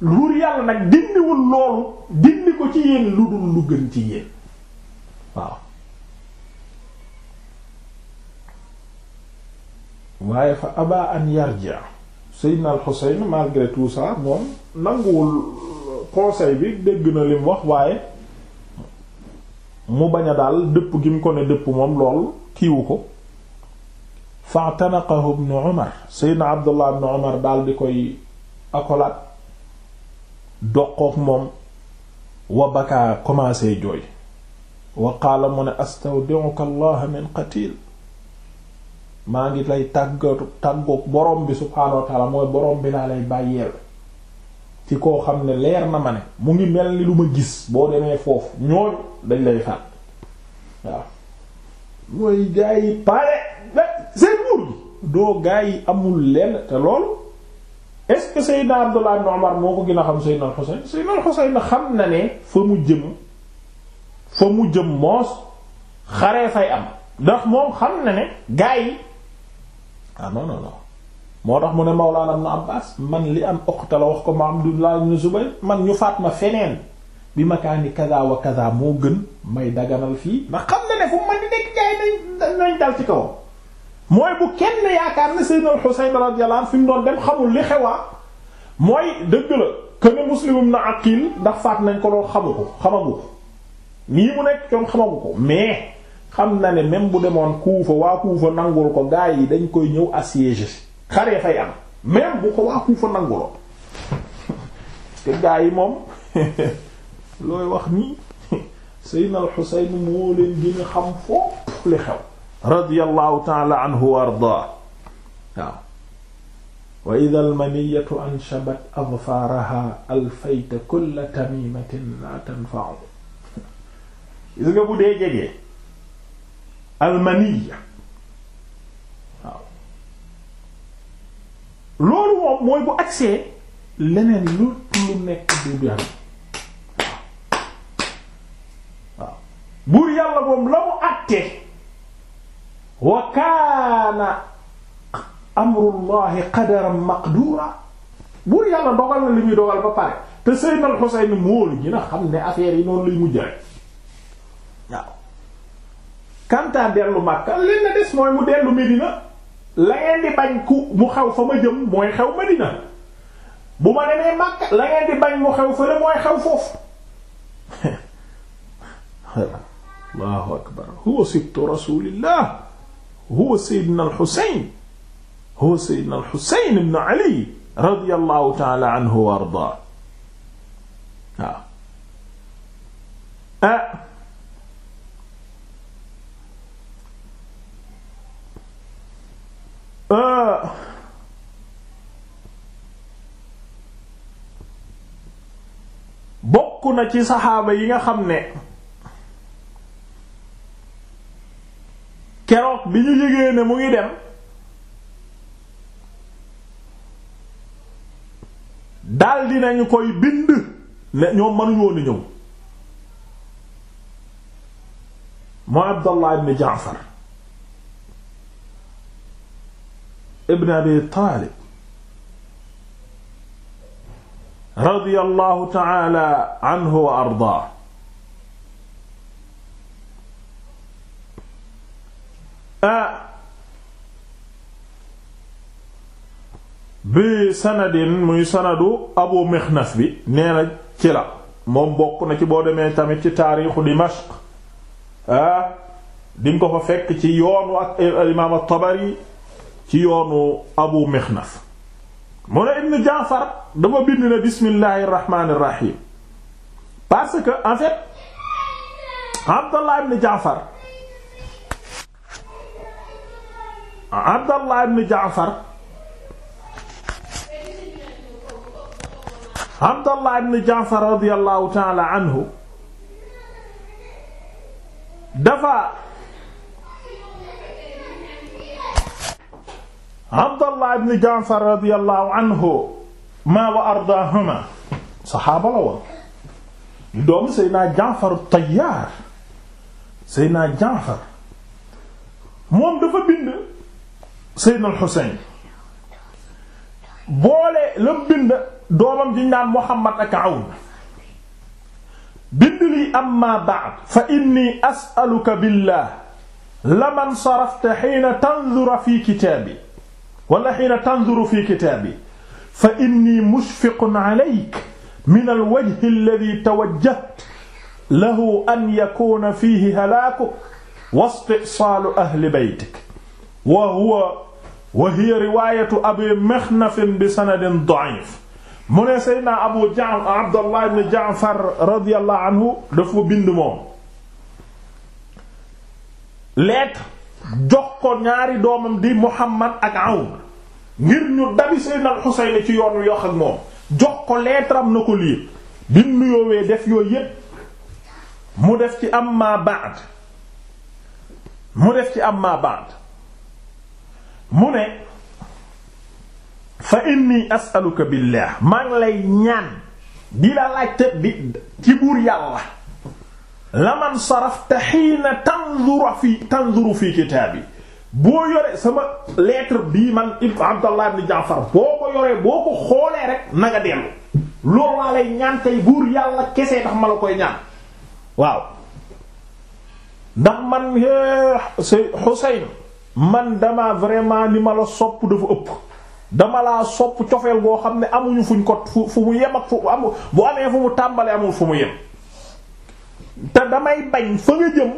luur yàlla nag dindiwul loolu dindi ko ci yéen lu dul lu gën ci yéen waaye fa aba an yarji Seydina al-Xuseyn malgré tout moom nanguwul conseil bi dégg na lim wax waaye mu bañ a daal dëpp gi mu ko ne dëpp moom lool kiiwu ko fa'tanaqahu ibn Umar seydna Abdullah ibn Umar daal di koy akolaat doqook moom wa bakaa commencé jooy wa qaala mu ne astawdi'uka Allah min qatil maa ngi lay tàggatu tàggoog borom bi subhaanahu wa mooy borom bi laa lay bàyyeel ci koo xam ne leer na ma ne mu ngi mel ni lu ma gis boo demee foofu ñooñu dañ lay faat waaw mooy gaa pare doo gaa yi amul lenn te loolu est-ce que Seydina Abdullah ibn Umar moo ko gën xam Seydina al-Husayn Seydina al xam na ne fa mu jëm fa mu jëm moos xaree fay am ndax moom xam na ne gaa yi ah moo tax mu ne Mawlana Ibn Abbas man li am oqta la wax ko ma Abdullah ibn Zubayr man ñu faat ma feneen bi makaani kaza wa kaza moo gën may daganal fii ndax xam na ne fu man di nekk gaa yi nañ nañ dal ci kawam mooy bu kenn yaakaar ne Seydina al-Husayn radiyallahu anhu fi mu doon dem xamul li xewaa mooy dëgg la que ne Muslim na Aqil ndax faat nañ ko lool xamu ko xamagu ko nii mu nekk coon xamagu ko mais xam na ne même bu demoon Kuufa waa Kuufa nangul ko gaa yi dañ koy ñëw assiéger xaree fay am même bu ko waa Kuufa nanguloon te gaa yi moom looy wax nii Seydina al-Husayn moo leen gën xam foofu li xew radiyallahu taala anhu wa ardaa waaw wa idha almaniyatu anshabat adfaaraha alfayta kulla tamimatin la tanfa'u gis nga bu dee jege almaniya waaw loolu moom mooy bu agsee leneen lu lu nekk du dara waaw buur yàlla moom la mu àttee wa kaana amrullahi qadaran maqdura buur yàlla dogal na li muy dogal ba pare na xam ne affaire yi noonu lay mujj rek waaw kantaa dellu Makka leen na des mooy mu dellu Medina la ngeen di bañ ku mu xew fa ma jëm mooy xew Medina bu ma demee Makka la ngeen di bañ mu xew fa la mooy xew foofu Allahu akbar huwa sibtu rasulillah huwa Seydina al-Xuseyn huwa Seydina al-Xuseyn ibn Ali radiyallahu ta'ala anhu wa ardaa waaw ah ah bokk na ci saxaaba yi nga xam ne keroog bi ñu yëgee ne mu ngi dem daldi nañu koy bind ne ñoom mënuñu woon a Abdallah ibn Jaafar ibn Abi Taalib radiyallahu ta'ala anhu wa ardaa bi sanadin muy sanadu abu mixnaf bi nee na ci la moom bokk na ci boo demee tamit ci taarixu dimashq ah ko fa fekk ci yoonu ak imaam tabari ci yoonu abu mixnaf mu ne ibn jaafar dafa bind ne bismillaahir rahmaanir parce que en fait abdallah ibn jaafar Abdallah ibn Jaafar Abdallah ibn Jaafar radiyallahu ta'ala anhu dafa Abdallah ibn Jaafar radiyallahu anhu ma wa ardaahuma saxaaba la woon doomu Seydina Jaafar Tayyaar Seydina Jaafar moom dafa bind Seydina Al-Husayn boole la bind doomam di naan Muhammad ak Awn bind lii amma ba'd fa inni as'aluka billah laman sarafta hiina tanzuru fi kitaabi wala hiina tanzuru fi kitaabi fa inni mushfiqun alayka min alwajhi alladhi tawajjahta lahu an yakuna fihi halaakuka wa isti'saalu ahli baytika wa huwa wa hiya riwaayatu abi Mikhnaf bi sanadin da'if mu ne Seydina Abu Ja'far Abdallah ibn Ja'far radiyallahu anhu dafa bind moom lettre jox ko ñaari doomam di Muhammad ak Awn ngir ñu dabi Seydina Xuseyn ci yoon wi yokk ak moom jox ko lettre na ko lii bi mu nuyoowee def yooyu yépp mu def ci amma ba'd mu def ci amma ba'd mu ne fa inni as'aluka billah maa lay ñaan di la laajte bi ci buur yàlla laman sarafta xiina tanzuru fi tanzuru fi kitaabi boo yore sama lettre bii man ibn Abdallah ibn Jaafar boo ko yoree boo ko xoolee rek na nga dellu loolu laa lay ñaan tey buur yàlla kese tax ma la koy ñaan waaw ndax man eh, Husayn man dama vraiment ni ma la sopp dafa ëpp dama laa sopp cofeel goo xam ne amuñu fuñ ko fu mu yem ak fu amu bu amee fu mu tàmbale amul fu mu yem te damay bañ fa nga jëm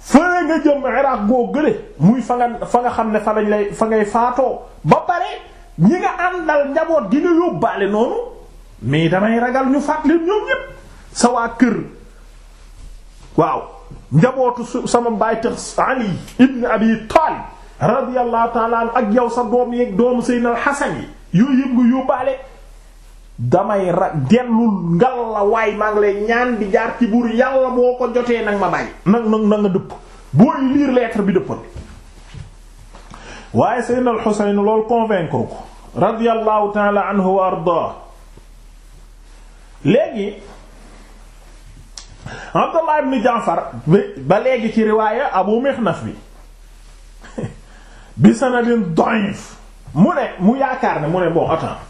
fële nga jëm Iraq goo gële muy fa nga fa nga xam ne fa lañ fa ngay faatoo ba pare ñi nga àndal njaboot gi nga yóbbaale noonu mais damay ragal ñu faat leen ñoom ñépp sa kër waaw njabootu su sama baay tax Ali ibn Abi Taalib radiyallahu taala ak yow sa doom yeeg doomu Seydina Xasan yi yooyu yëpp nga yóbbaale damay ra ngal la waay maa ngi lay ñaan di jaar ci buur yàlla boo ko jotee nag ma bàyyi nag nag dëpp booy lire lettre bi dëppal waaye Seydina Xuseyn loolu convaincre ko radiyallahu taala anhu wa ardaa léegi Abdullah ibn Jaafar ba léegi ci riwaaya Abu Mixnaf bi bi sanadin da'if mu ne mu yaakaar ne mu ne bon attends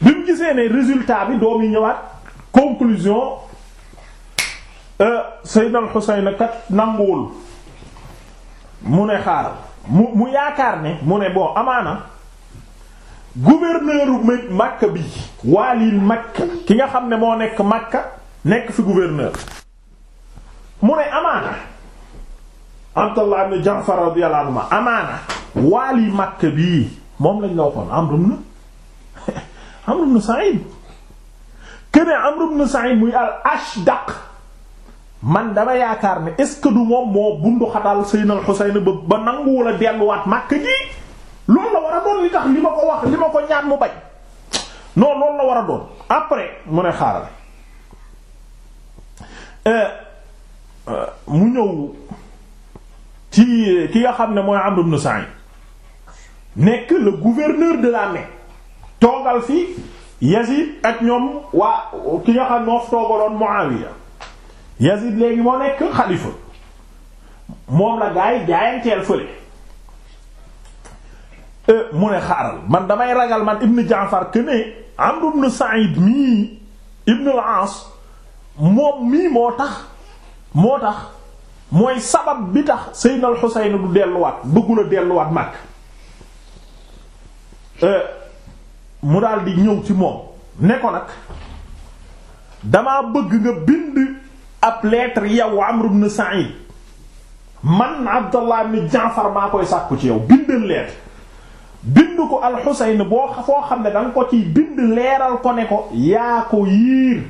bi mu gisee ne résultat bi doom yi ñëwaat conclusion euh, Sayyidna al-Husayn kat nanguwul mu ne xaaral mu mu yaakaar ne mu ne bon amaana gouverneur Makka bi waalil Makka ki nga xam ne moo nekk Makka nekk fi gouverneur mu ne amaana Abdallah ibn Ja'far radiyallahu anhu amaana waali Makka bii moom lañ la waxoon Amr ibn Amr ibn Sa'id kene Amr ibn Sa'id muy al Ashdaq man dama yaakaar ne est-ce que du moom moo bundu xatal Al-Husayn ba ba nanguwul a delluwaat Makka gi loolu la war a doon li tax li ma ko wax li ma ko ñaan mu bañ non loolu la war a doon après mu ne xaaral Eh, mu ñëw ci ki nga xam ne mooy Amr ibn Sa'id nekk le gouverneur de la Mecque toogal fi Yazid ak ñoom waa ki nga xam moo toogaloon Muawiya Yazid léegi moo nekk xalifa moom la gaa yi jaayanteel fële eh, mu ne xaaral man damay ragal man Ibn Jaafar que ne Amr ibn mii Ibn al-As moom mii moo tax moo tax mooy sabab bi tax Seydina al Xuseyn du delluwaat bëggul delluwaat Makka euh, mu daal di ñëw ci moom ne ko nag damaa bëgg nga bind ab lettre yow Amr ibn Sa'id man Abdallah ibn Jaafar maa koy sàkku ci yow bindal lettre bind ko al Xuseyn boo foo xam ne danga ko ciy bind leeral ko ne ko yaa ko yiir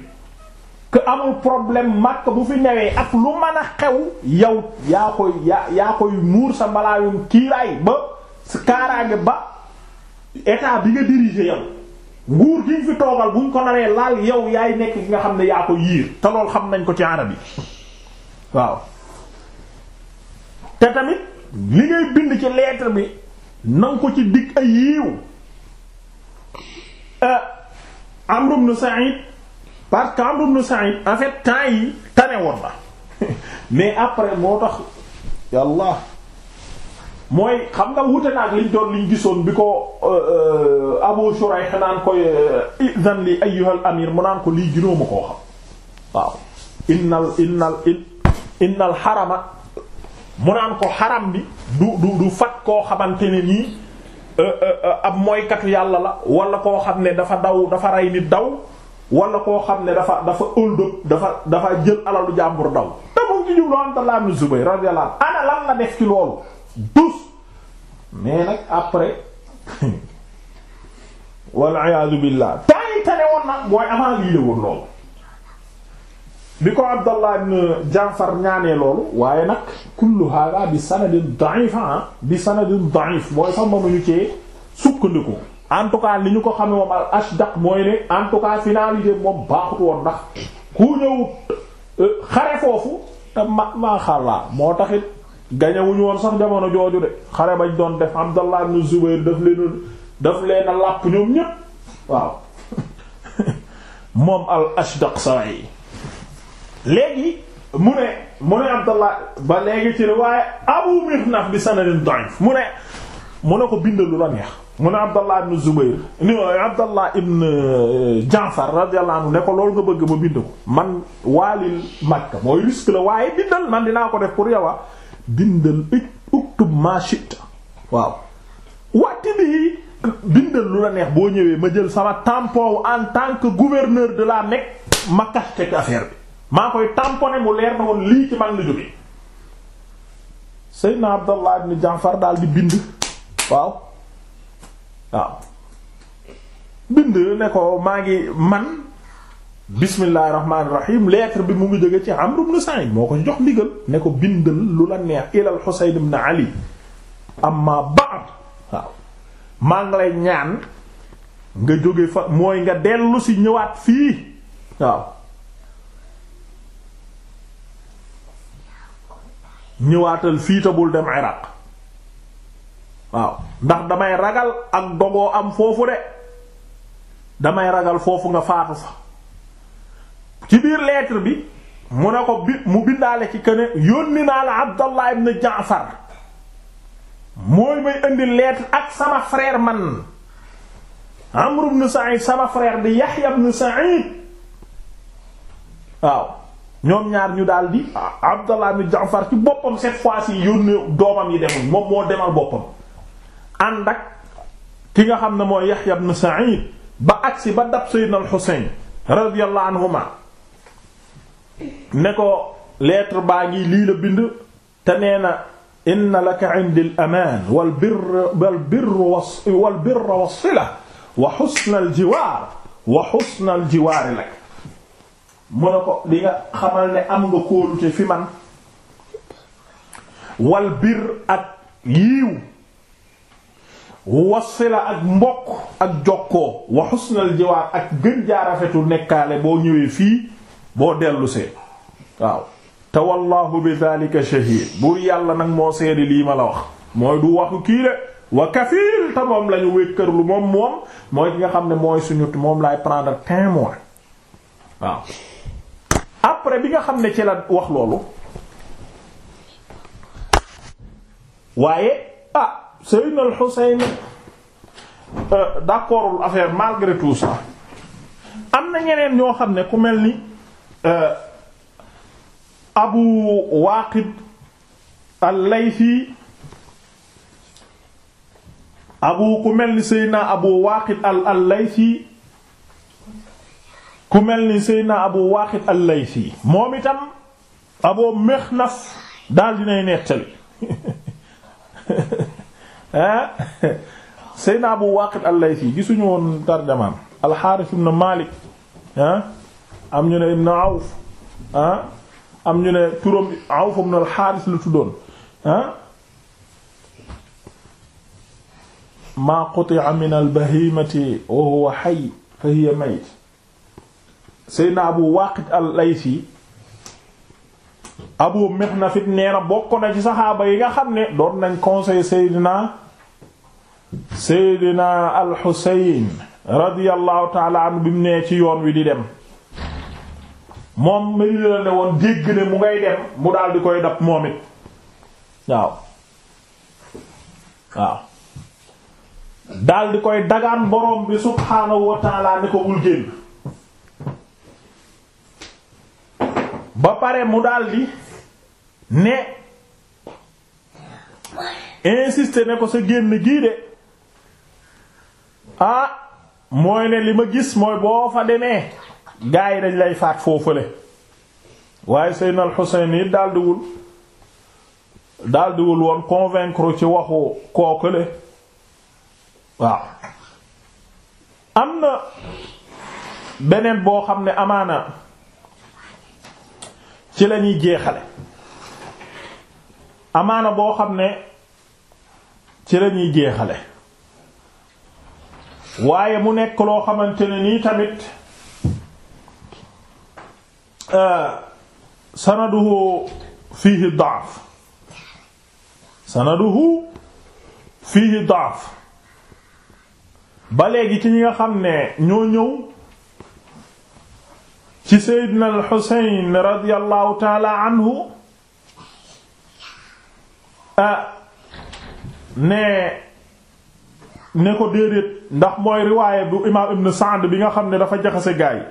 que amul problème màkk bu fi newee ak lu mën a xew yow yaa koy yaa yaa koy muur sa mbalaayum kiiraay ba sa kaaraange ba état bi nga diriger yow nguur gi fi toogal buñ ko naree laal yow yaay nekk ki nga xam ne yaa ko yiir te lool xam nañ ko ci arab yi waaw te tamit li ngay bind ci lettre bi nanga ko ci dig ay yiiw eh, Amr ibn Sa'id parce que Amr ibn Sa'id en fait temps yi tane woon na mais après moo tax yàlla mooy xam nga wute naag liñ doon liñ gisoon bi ko euh, euh, Abu Shurayh naan koy euh, izan li ayyuhal amir mu naan ko lii ginooma koo xam waaw innal innal innal xarama mu ko xaram bi du du koo xamante ne nii ab mooykatu yàlla la walla koo xam ne dafa daw dafa rey daw wala koo xam ne dafa dafa ëldëb dafa dafa jël alalu jàmbur daw te mu ngi jublu Abdallah ibn Zubayr radiyallahu anhu ana lan def ci loolu dus mais nag après wal iyaadu billah temps yi woon nag mooy avant lii la woon loolu bi ko Abdallah ibn Jaafar ñaanee loolu waaye nag kullu hada bi sanadin da'if ah, bi sanadin da'if mooy sax mënuñu cee sukkandiku en tout cas li ñu ko xame moom al ashdaq mooy ne en tout cas finalité moom baaxut woon ndax ku ñëw euh, xare foofu te ma maa moo taxit gañewuñu woon sax jamono jooju de xare bañ doon def Abdallah ibn Zubayr daf leen daf leen a làpp ñoom ñépp waaw moom al ashdaq sara yi mu ne mu ne Abdallah ba léegi ci riwaaya Abu Mikhnaf bi sanadin da'if mu ne mu ne ko bindal la neex mu ne Abdallah ibn Zubayr ni Abdallah ibn euh, Jaafar radiyallahu anhu ne ko loolu nga bëgg ma bind ko man waalil Makka mooy risque la waaye bindal man dinaa ko def pour yowa ah. bindal uktub ma shi'ta waaw wàtti bi bindal lu la neex boo ñëwee ma jël sama tampon en tant que gouverneur de la Mecque ma cache affaire bi maa koy tamponné mu leer na woon lii ci man la jógee Seydina Abdallah ibn Jaafar daal di bind waaw waaw bind ne ko maa ngi man bismillahir rahmanir rahim lettre bi mu ngi jóge ci Amr ibn Sa'id moo ko jox ndigal ne ko bindal lu la neex ilal Husayn ibn Ali amma ba'd waaw maa ngi lay ñaan nga jóge fa mooy nga dellu si ñëwaat fii waaw ñëwaatal fii te dem Iraq waaw ndax damay ragal ak dogoo am foofu de damay ragal foofu nga faatu fa ci biir lettre bi mu ne ko bi mu bindaale ci këne yónni naa la Abdallah ibn Jaafar mooy may indi lettre ak sama frère man Amr ibn Sa'id sama frère bi Yahya ibn Sa'id waaw ñoom ñaar ñu daal di Abdallah ibn Jaafar ci boppam cette fois-ci yónnee doomam yi demul moom moo demal boppam ànd ak ki nga xam ne mooy Yahya ibn Sa'id ba agsi ba dab Sayyidna al-Husayn radiyallahu anhuma ne ko lettre baa ngi lii la bind te nee na inna laka indi amaan wal birr wal birr wal birr wa husn al wa husn al lak mu ne ko li nga xamal ne am nga kóolute fi man wal birr ak yiiw wasila ak mbokk ak jokkoo wa xusnal jiwaar ak gën jaarafetu nekkaale boo ñëwee fii boo dellusee waaw te wallahu bi dhalika shahid buur yàlla nag moo seede lii ma la wax mooy du waxu kii de wa kafiil te moom lañu wékkër lu moom moom mooy ki nga xam ne mooy suñu moom lay prendre témoin waaw après bi nga xam ne ci la wax loolu waaye Seydina al-Husayn euh, d'accordul affaire malgré tout ça am na ñeneen ñoo xam ne ku mel ni euh, Abu Waaqid al-Laythi abu ku mel ni Seydina Abu Waaqid al-Laythi ku mel ni Seydina Abu Waaqid al-Laythi moom itam Abu Mikhnaf daal dinay nettali ah Seydina Abu Waaqid al-Laythi gisuñu woon tarjamaam al-Haaris ibn Maalik ah am ñu ne ibn Awf ah am ñu ne turam Awf ibn al-Haaris lu tuddoon ah maa quti'a min al-bahiimati wa huwa hayy fa hiya mayt Seydina Abu Waaqid al-Laythi Abu Mikhnaf nee na bokk na ci saxaaba yi nga xam ne doon nañ conseil Seydina seydina alxuseyn radiyallahu taala bi mu nee ci yoon wi di dem moom Medina la ne woon dégg ne mu ngay dem mu daal koy dab moom bi subhaanahu wa taala ko bul génn ba pare mu daal ne insiste ne ko sa génn gii de ah mooy ne li ma gis mooy boo fa demee gaa yi dañ lay faat foofale waaye Seydina al-Husayn yi daldiwul daldiwul woon convaincre ci waxu kookale waaw am na beneen boo xam ne amaana ci lañuy jeexale amaana boo xam ne ci lañuy jeexale waaye mu nekk loo xamante ne nii tamit euh, sanaduhu fiihi daaf sanaduhu fiihi daaf ba léegi ci ñi nga xam ne ñoo ñëw ci Seydina al-Husayn radiyallahu taala anhu euh, ne ne ko déedéet ndax mooy riwaaye bu imaam ibn Sa'd bi nga xam ne dafa jaxase gaay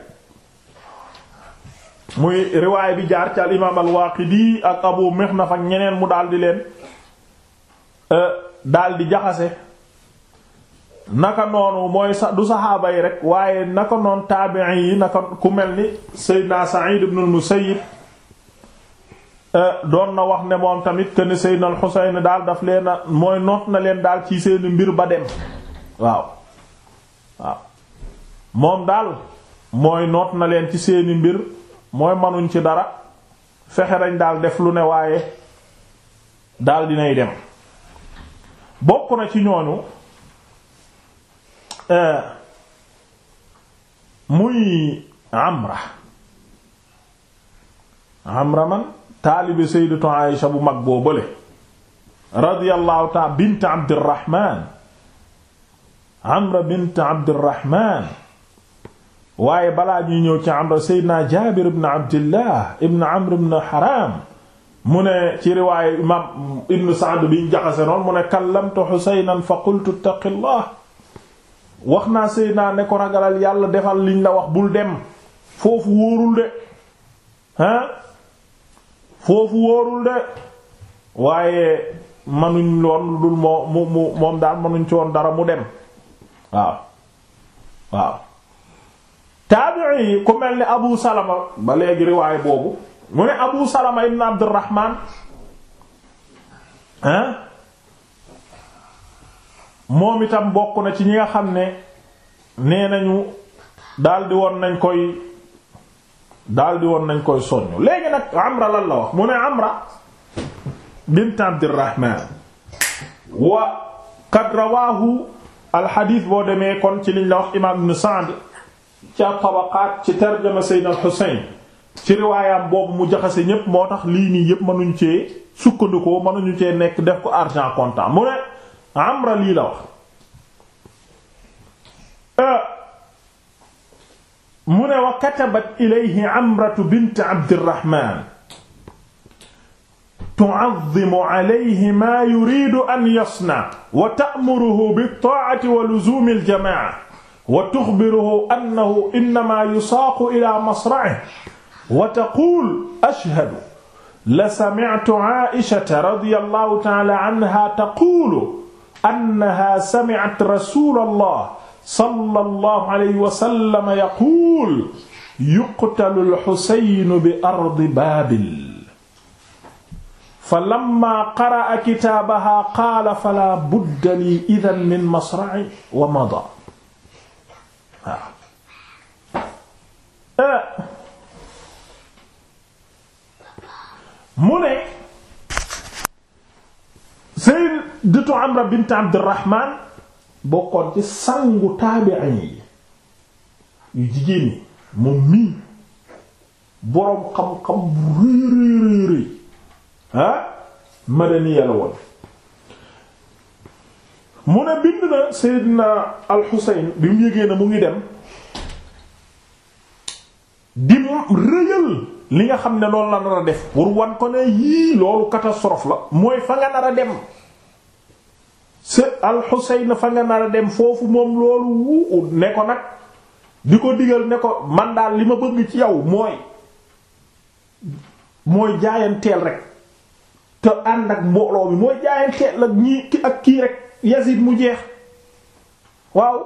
muy riwaay bi jaar ci al imaam al Waaqidi ak Abu Mixnaf ak ñeneen mu di leen e, daldi jaxase naka noonu mooy sa du saxaaba yi rek waaye naka noonu taabi'i yi naka ku mel ni Seydina Sa'id ibn al-Musayyib Eh, doon na wax ne moom tamit que ne Xuseyn daal daf leen a mooy noot na leen daal ci seeni mbir ba dem waaw waaw moom daal mooy noot na leen ci seeni mbir mooy manuñ ci dara fexe nañ daal def lu ne waaye daal dinay dem bokk na ci ñooñu eh, muy Amra Amra man. taalibe sayyidatu Aïsha bu mag boo bële radiyallahu ta'ala bint Abdirahman Amra bint Abdirahman waaye balaa ñuy ñëw ci Amra sayyidina Jaabir ibn Abdillah ibn Amr ibn Haram mu ne ci riwaaye imam ibn Sa'd biñ jaxase noonu mu ne kallamtu Husaynan fa qultu ittaqillah wax naa sayyidina ne ko ragalal yàlla defal liñ la wax bul dem foofu wóorul de ah foofu wóorul de waaye manuñ loon dul moo mu mu moom daal manuñ ci woon dara mu dem waaw waaw taabii yi ku mel ni abu salama ba léegi riwaay boobu mu ne abu salama ibn abdurrahman hein moom itam bokk na ci ñi nga xam ne nee nañu daldi woon nañ koy daal di woon nañ koy soññ léegi nag amra lan la wax mu ne amra bint abdirahman wa qad rawahu alxadis boo demee kon ci liñ la wax imam ibn Sa'd ci tabaqaat ci tarjama sayyid al-Husayn ci riwaayam boobu mu jaxase ñépp moo tax lii nii yépp mënuñ cee sukkandikoo mënuñu cee nekk def ko argent comptant mu ne amra lii la wax euh, mu ne wa katabat ilayhi amratu bint abdirahman tu'azzimu alayhi maa yuridu an yasna wa ta'muruhu bit-taa'ati wa luzuumi al-jamaa'a wa tukhbiruhu annahu innamaa yusaaqu ilaa masra'ihi wa taquulu ashhadu la sami'tu 'Aa'ishata radiyallaahu ta'aalaa 'anhaa taquulu annahaa sami'at rasuulallaah sallallahu alayhi wa sallam yaquul yuqtalu al-Husayn bi ardi Baabil falammaa qara'a kitaabahaa qaala falaa budda lii idhan min masra'i wa madaa eh. mu ne Sayyidatu Amra bint Abdirrahmaan bokkoon ci sangu taabi'in yi yu jigéen ñi moom mii boroom xam-xam rëy rëy rëy ah? madaniyal woon mu ne bind na Seydina al bi mu yëgee na mu ngi dem di rëyal li nga xam ne loolu la nar def pour wan ko ne yii loolu catastrophe la mooy fa nga nar dem se alxuseyn fa nga nar dem foofu moom loolu wuu ne ko nag di ko digal ne ko man daal li ma bëgg ci yow mooy mooy jaayanteel rek te ànd ak mbooloo bi mooy jaayanteel ak ñii ak kii rek Yazid mu jeex waaw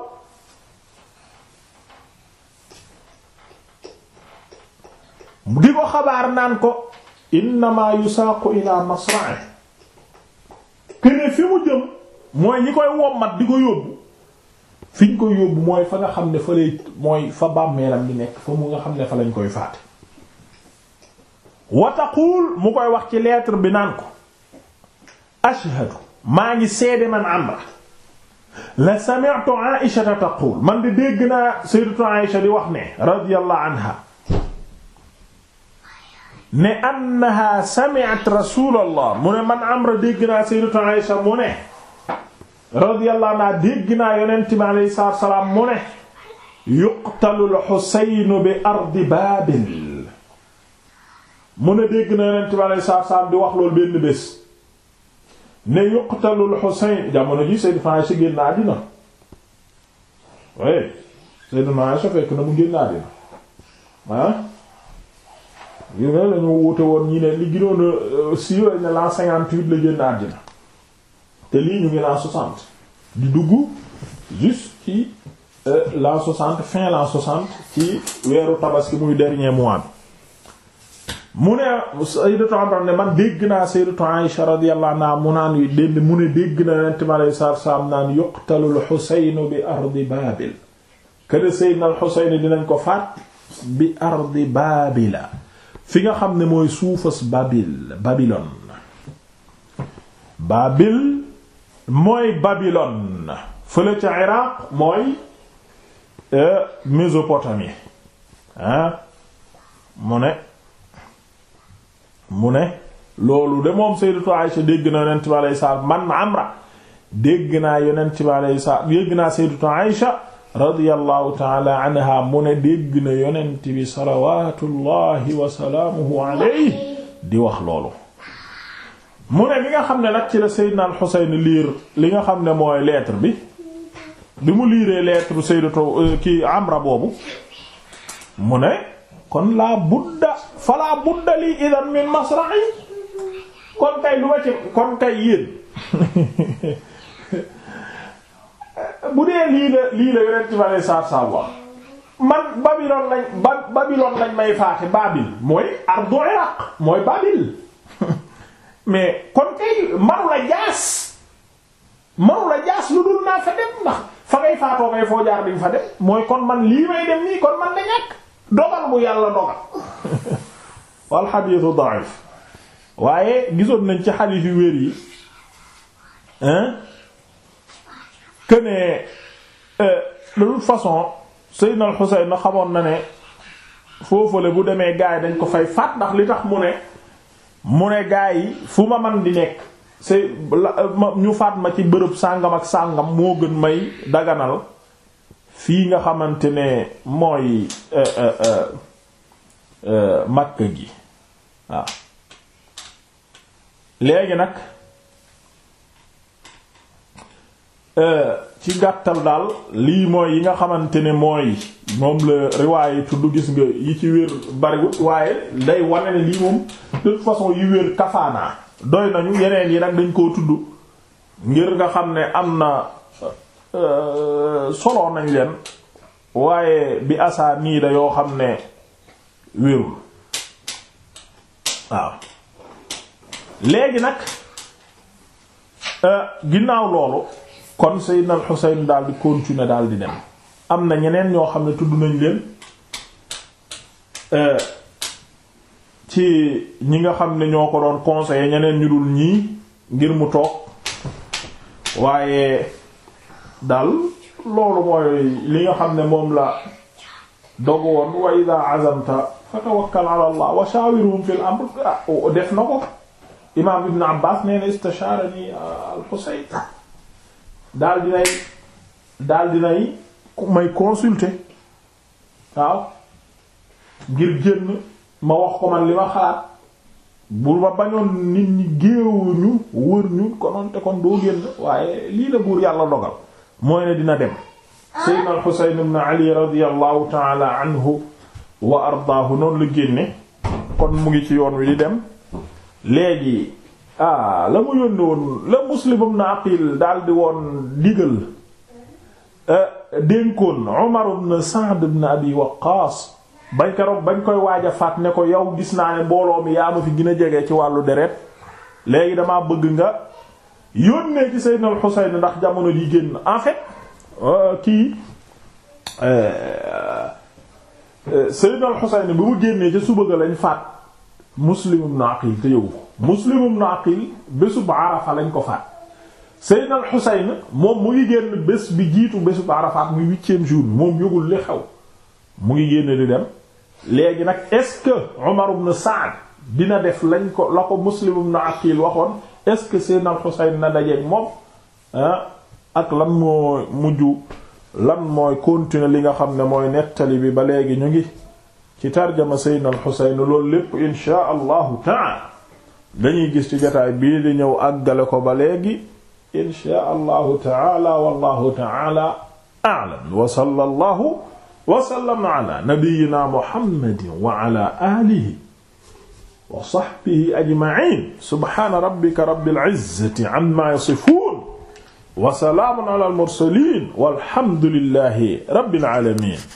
di ko xabaar naan ko innama yusaaqu ila masra'i kene fi mu jëm mooy ñi koy wommat di ko yóbbu fi ñu koy yóbbu mooy fa nga xam ne fa lay mooy fa bàmmeelam bi nekk fa mu nga xam ne fa lañ koy faate wa taqul mu koy wax ci lettre bi naan ko ashhadu maa ngi seede man amra la sami'tu Aisha taqul man di dégg naa sayyidatu Aisha di wax ne radiyallahu anha ne annaha sami'at rasulullah mu ne man amra dégg naa sayyidatu Aisha mu ne radiyallahu anhu dégg naa yonent bi alayhi salaatu wa salaam mu ne yuqtalu al-Husayn bi ardi Baabil mu ne dégg na yonent bi alayhi salaatu wa salaam di wax loolu benn bés ne yuqtalu al jamono ji Sayyidina Aisha génn àddina oui Sayyidina Aisha fekk na mu génn àddina ah gis nga dañoo wute woon ñi ne li gënoon euh, siiwee ne l'an cinquante-huit la génn àddina te lii ñu ngi l'an soixante di dugg juste ci euh, l'an fin l'an soixante ci weeru tabaski muy dernier mois bi mu ne Sayyidatu Umar ne man dégg naa Sayyidatu Aïsha radiyallahu anha mu naan yu dénd mu ne dégg na Yonent bi alayhi salaatu ko faat bi nga xam ne mooy suufas Babil Babylone mooy Babylone fële ca Iraq mooy euh, Mésopotamie ah mu ne mu ne loolu de moom Sayyidatu Aïsha dégg na yonent bi alayhi salaam man Amra dégg na yonent bi alayhi salaam dégg naa Sayyidatu Aïsha radiyallahu ta'ala anha mu ne dégg na yonent bi salawaatullahi wa alayhi di wax loolu mu ne bi nga xam ne nag ci la Seydina al liir li nga xam ne mooy lettre bi bi mu liiree lettre Sayyidatu euh, ki Amra boobu mu ne kon laa budda falaa budda lii idan min masra'i kon kay lu ma ci kon kay yéen bu dee lii la lii la yonent bi alei saatu salaam wax man Babylone lañ ba lañ may faate Babil mooy ardu Iraq mooy Babil mais kon kay manu la jaas manu la jaas lu dul naa fa dem ndax fa ngay faatoo ngay foo jaar bi fa dem mooy kon man lii may dem nii kon man la ñàkk dogal bu yàlla dogal wal xadiisu da'if waaye gisoon nañ ci xadiis yu wér yi kënee euh, de toute façon Seydina al Xuseyn na xamoon na ne foofale bu demee gaay dañ ko fay faat ndax li tax mu ne mu ne gaa yi fu ma man di nekk c'est ñu faat ma ci bërëb sàngam ak sàngam moo gën may daganal fii nga xamante ne mooy euh, euh, euh, Makka gi waaw léegi nag Euh, ci gàttal daal lii mooy yi nga xamante ne mooy moom la riwaaye tudd gis nga yi ci wér bariwut waaye day wane ne lii moom de toute yi wér kafaanaa doy nañu yeneen yi nag dañ koo tudd ngir nga xam ne am na euh, solo nañ leen waaye bi asaa nii da yoo xam ne wérul waaw léegi nag euh, ginnaaw loolu kon Seydina al Xuseyn daal di continuer daal di dem am na ñeneen ñoo xam ne tudd nañ leen euh, ci ñi nga xam ne ñoo ko doon conseiller ñeneen ñu dul ñii ngir mu toog waaye daal loolu mooy li nga xam ne moom la dog woon wa ida azamta fa tawakkal ala allah wa shawirhum fil amr ah, oh, def na ko imam ibn abbas nee na istasharani al Xuseyn daal dinay daal dinay may consulter waaw ngir génn ma wax ko man li ma xalaat bu ma bañoon nit ñi géewuñu wër ñu konoonte kon doo génn waaye lii la buur yàlla dogal mooy ne dina dem seydna al xuseyn ibn ali radiallahu taala anhu wa ardaahu noonu la génne kon mu ngi ci yoon wi di dem léegi ah la mu yónni woon la muslimum na aqil daal di woon digal eh, dénkoon Umar ibn Sa'd ibn Abi Waqqas bañ keroog bañ koy waaja faat ne ko yow gis naa ne mbooloo mi yaa ma fi gin a jege ci wàllu deret léegi damaa bëgg nga yónnee ci Sayyidna al ndax jamono ji génn en fait euh, kii euh, euh, Sayyidna al-Husayn bi mu génnee ca suba ga lañ faat Muslim ibn Aqil te yëgu ko Muslim ibn Aqil bésub Arafa lañ ko faat Seydina al Xuseyn moom mu ngi génn bés bi jiitu bésub Arafaat muy huitième jour bi moom yëgul li xew mu ngi génn di dem léegi nag est-ce que Umar ibn Saad dina def lañ ko la ko Muslim ibn Aqil waxoon est-ce que Seydina al Xuseyn na dajeeg moom ah ak lan moo mujj lan mooy continuer li nga xam ne mooy nettali bi ba léegi ñu ngi ci tarjama Seydina al-Xuseyn loolu lépp inshaa allahu taala dañuy gis ci jotaay bii di ñëw àggale ko ba léegi inshaa allahu taala wallahu taala a'lam wa sallallahu wa sallama ala nabiyyina muhammadin wa ala alihi wa sahbihi ajma'in subhaana rabbika rabbil izzati amma yasifuun wa salaamun ala al-mursaliin walhamdulillahi rabbil aalamiin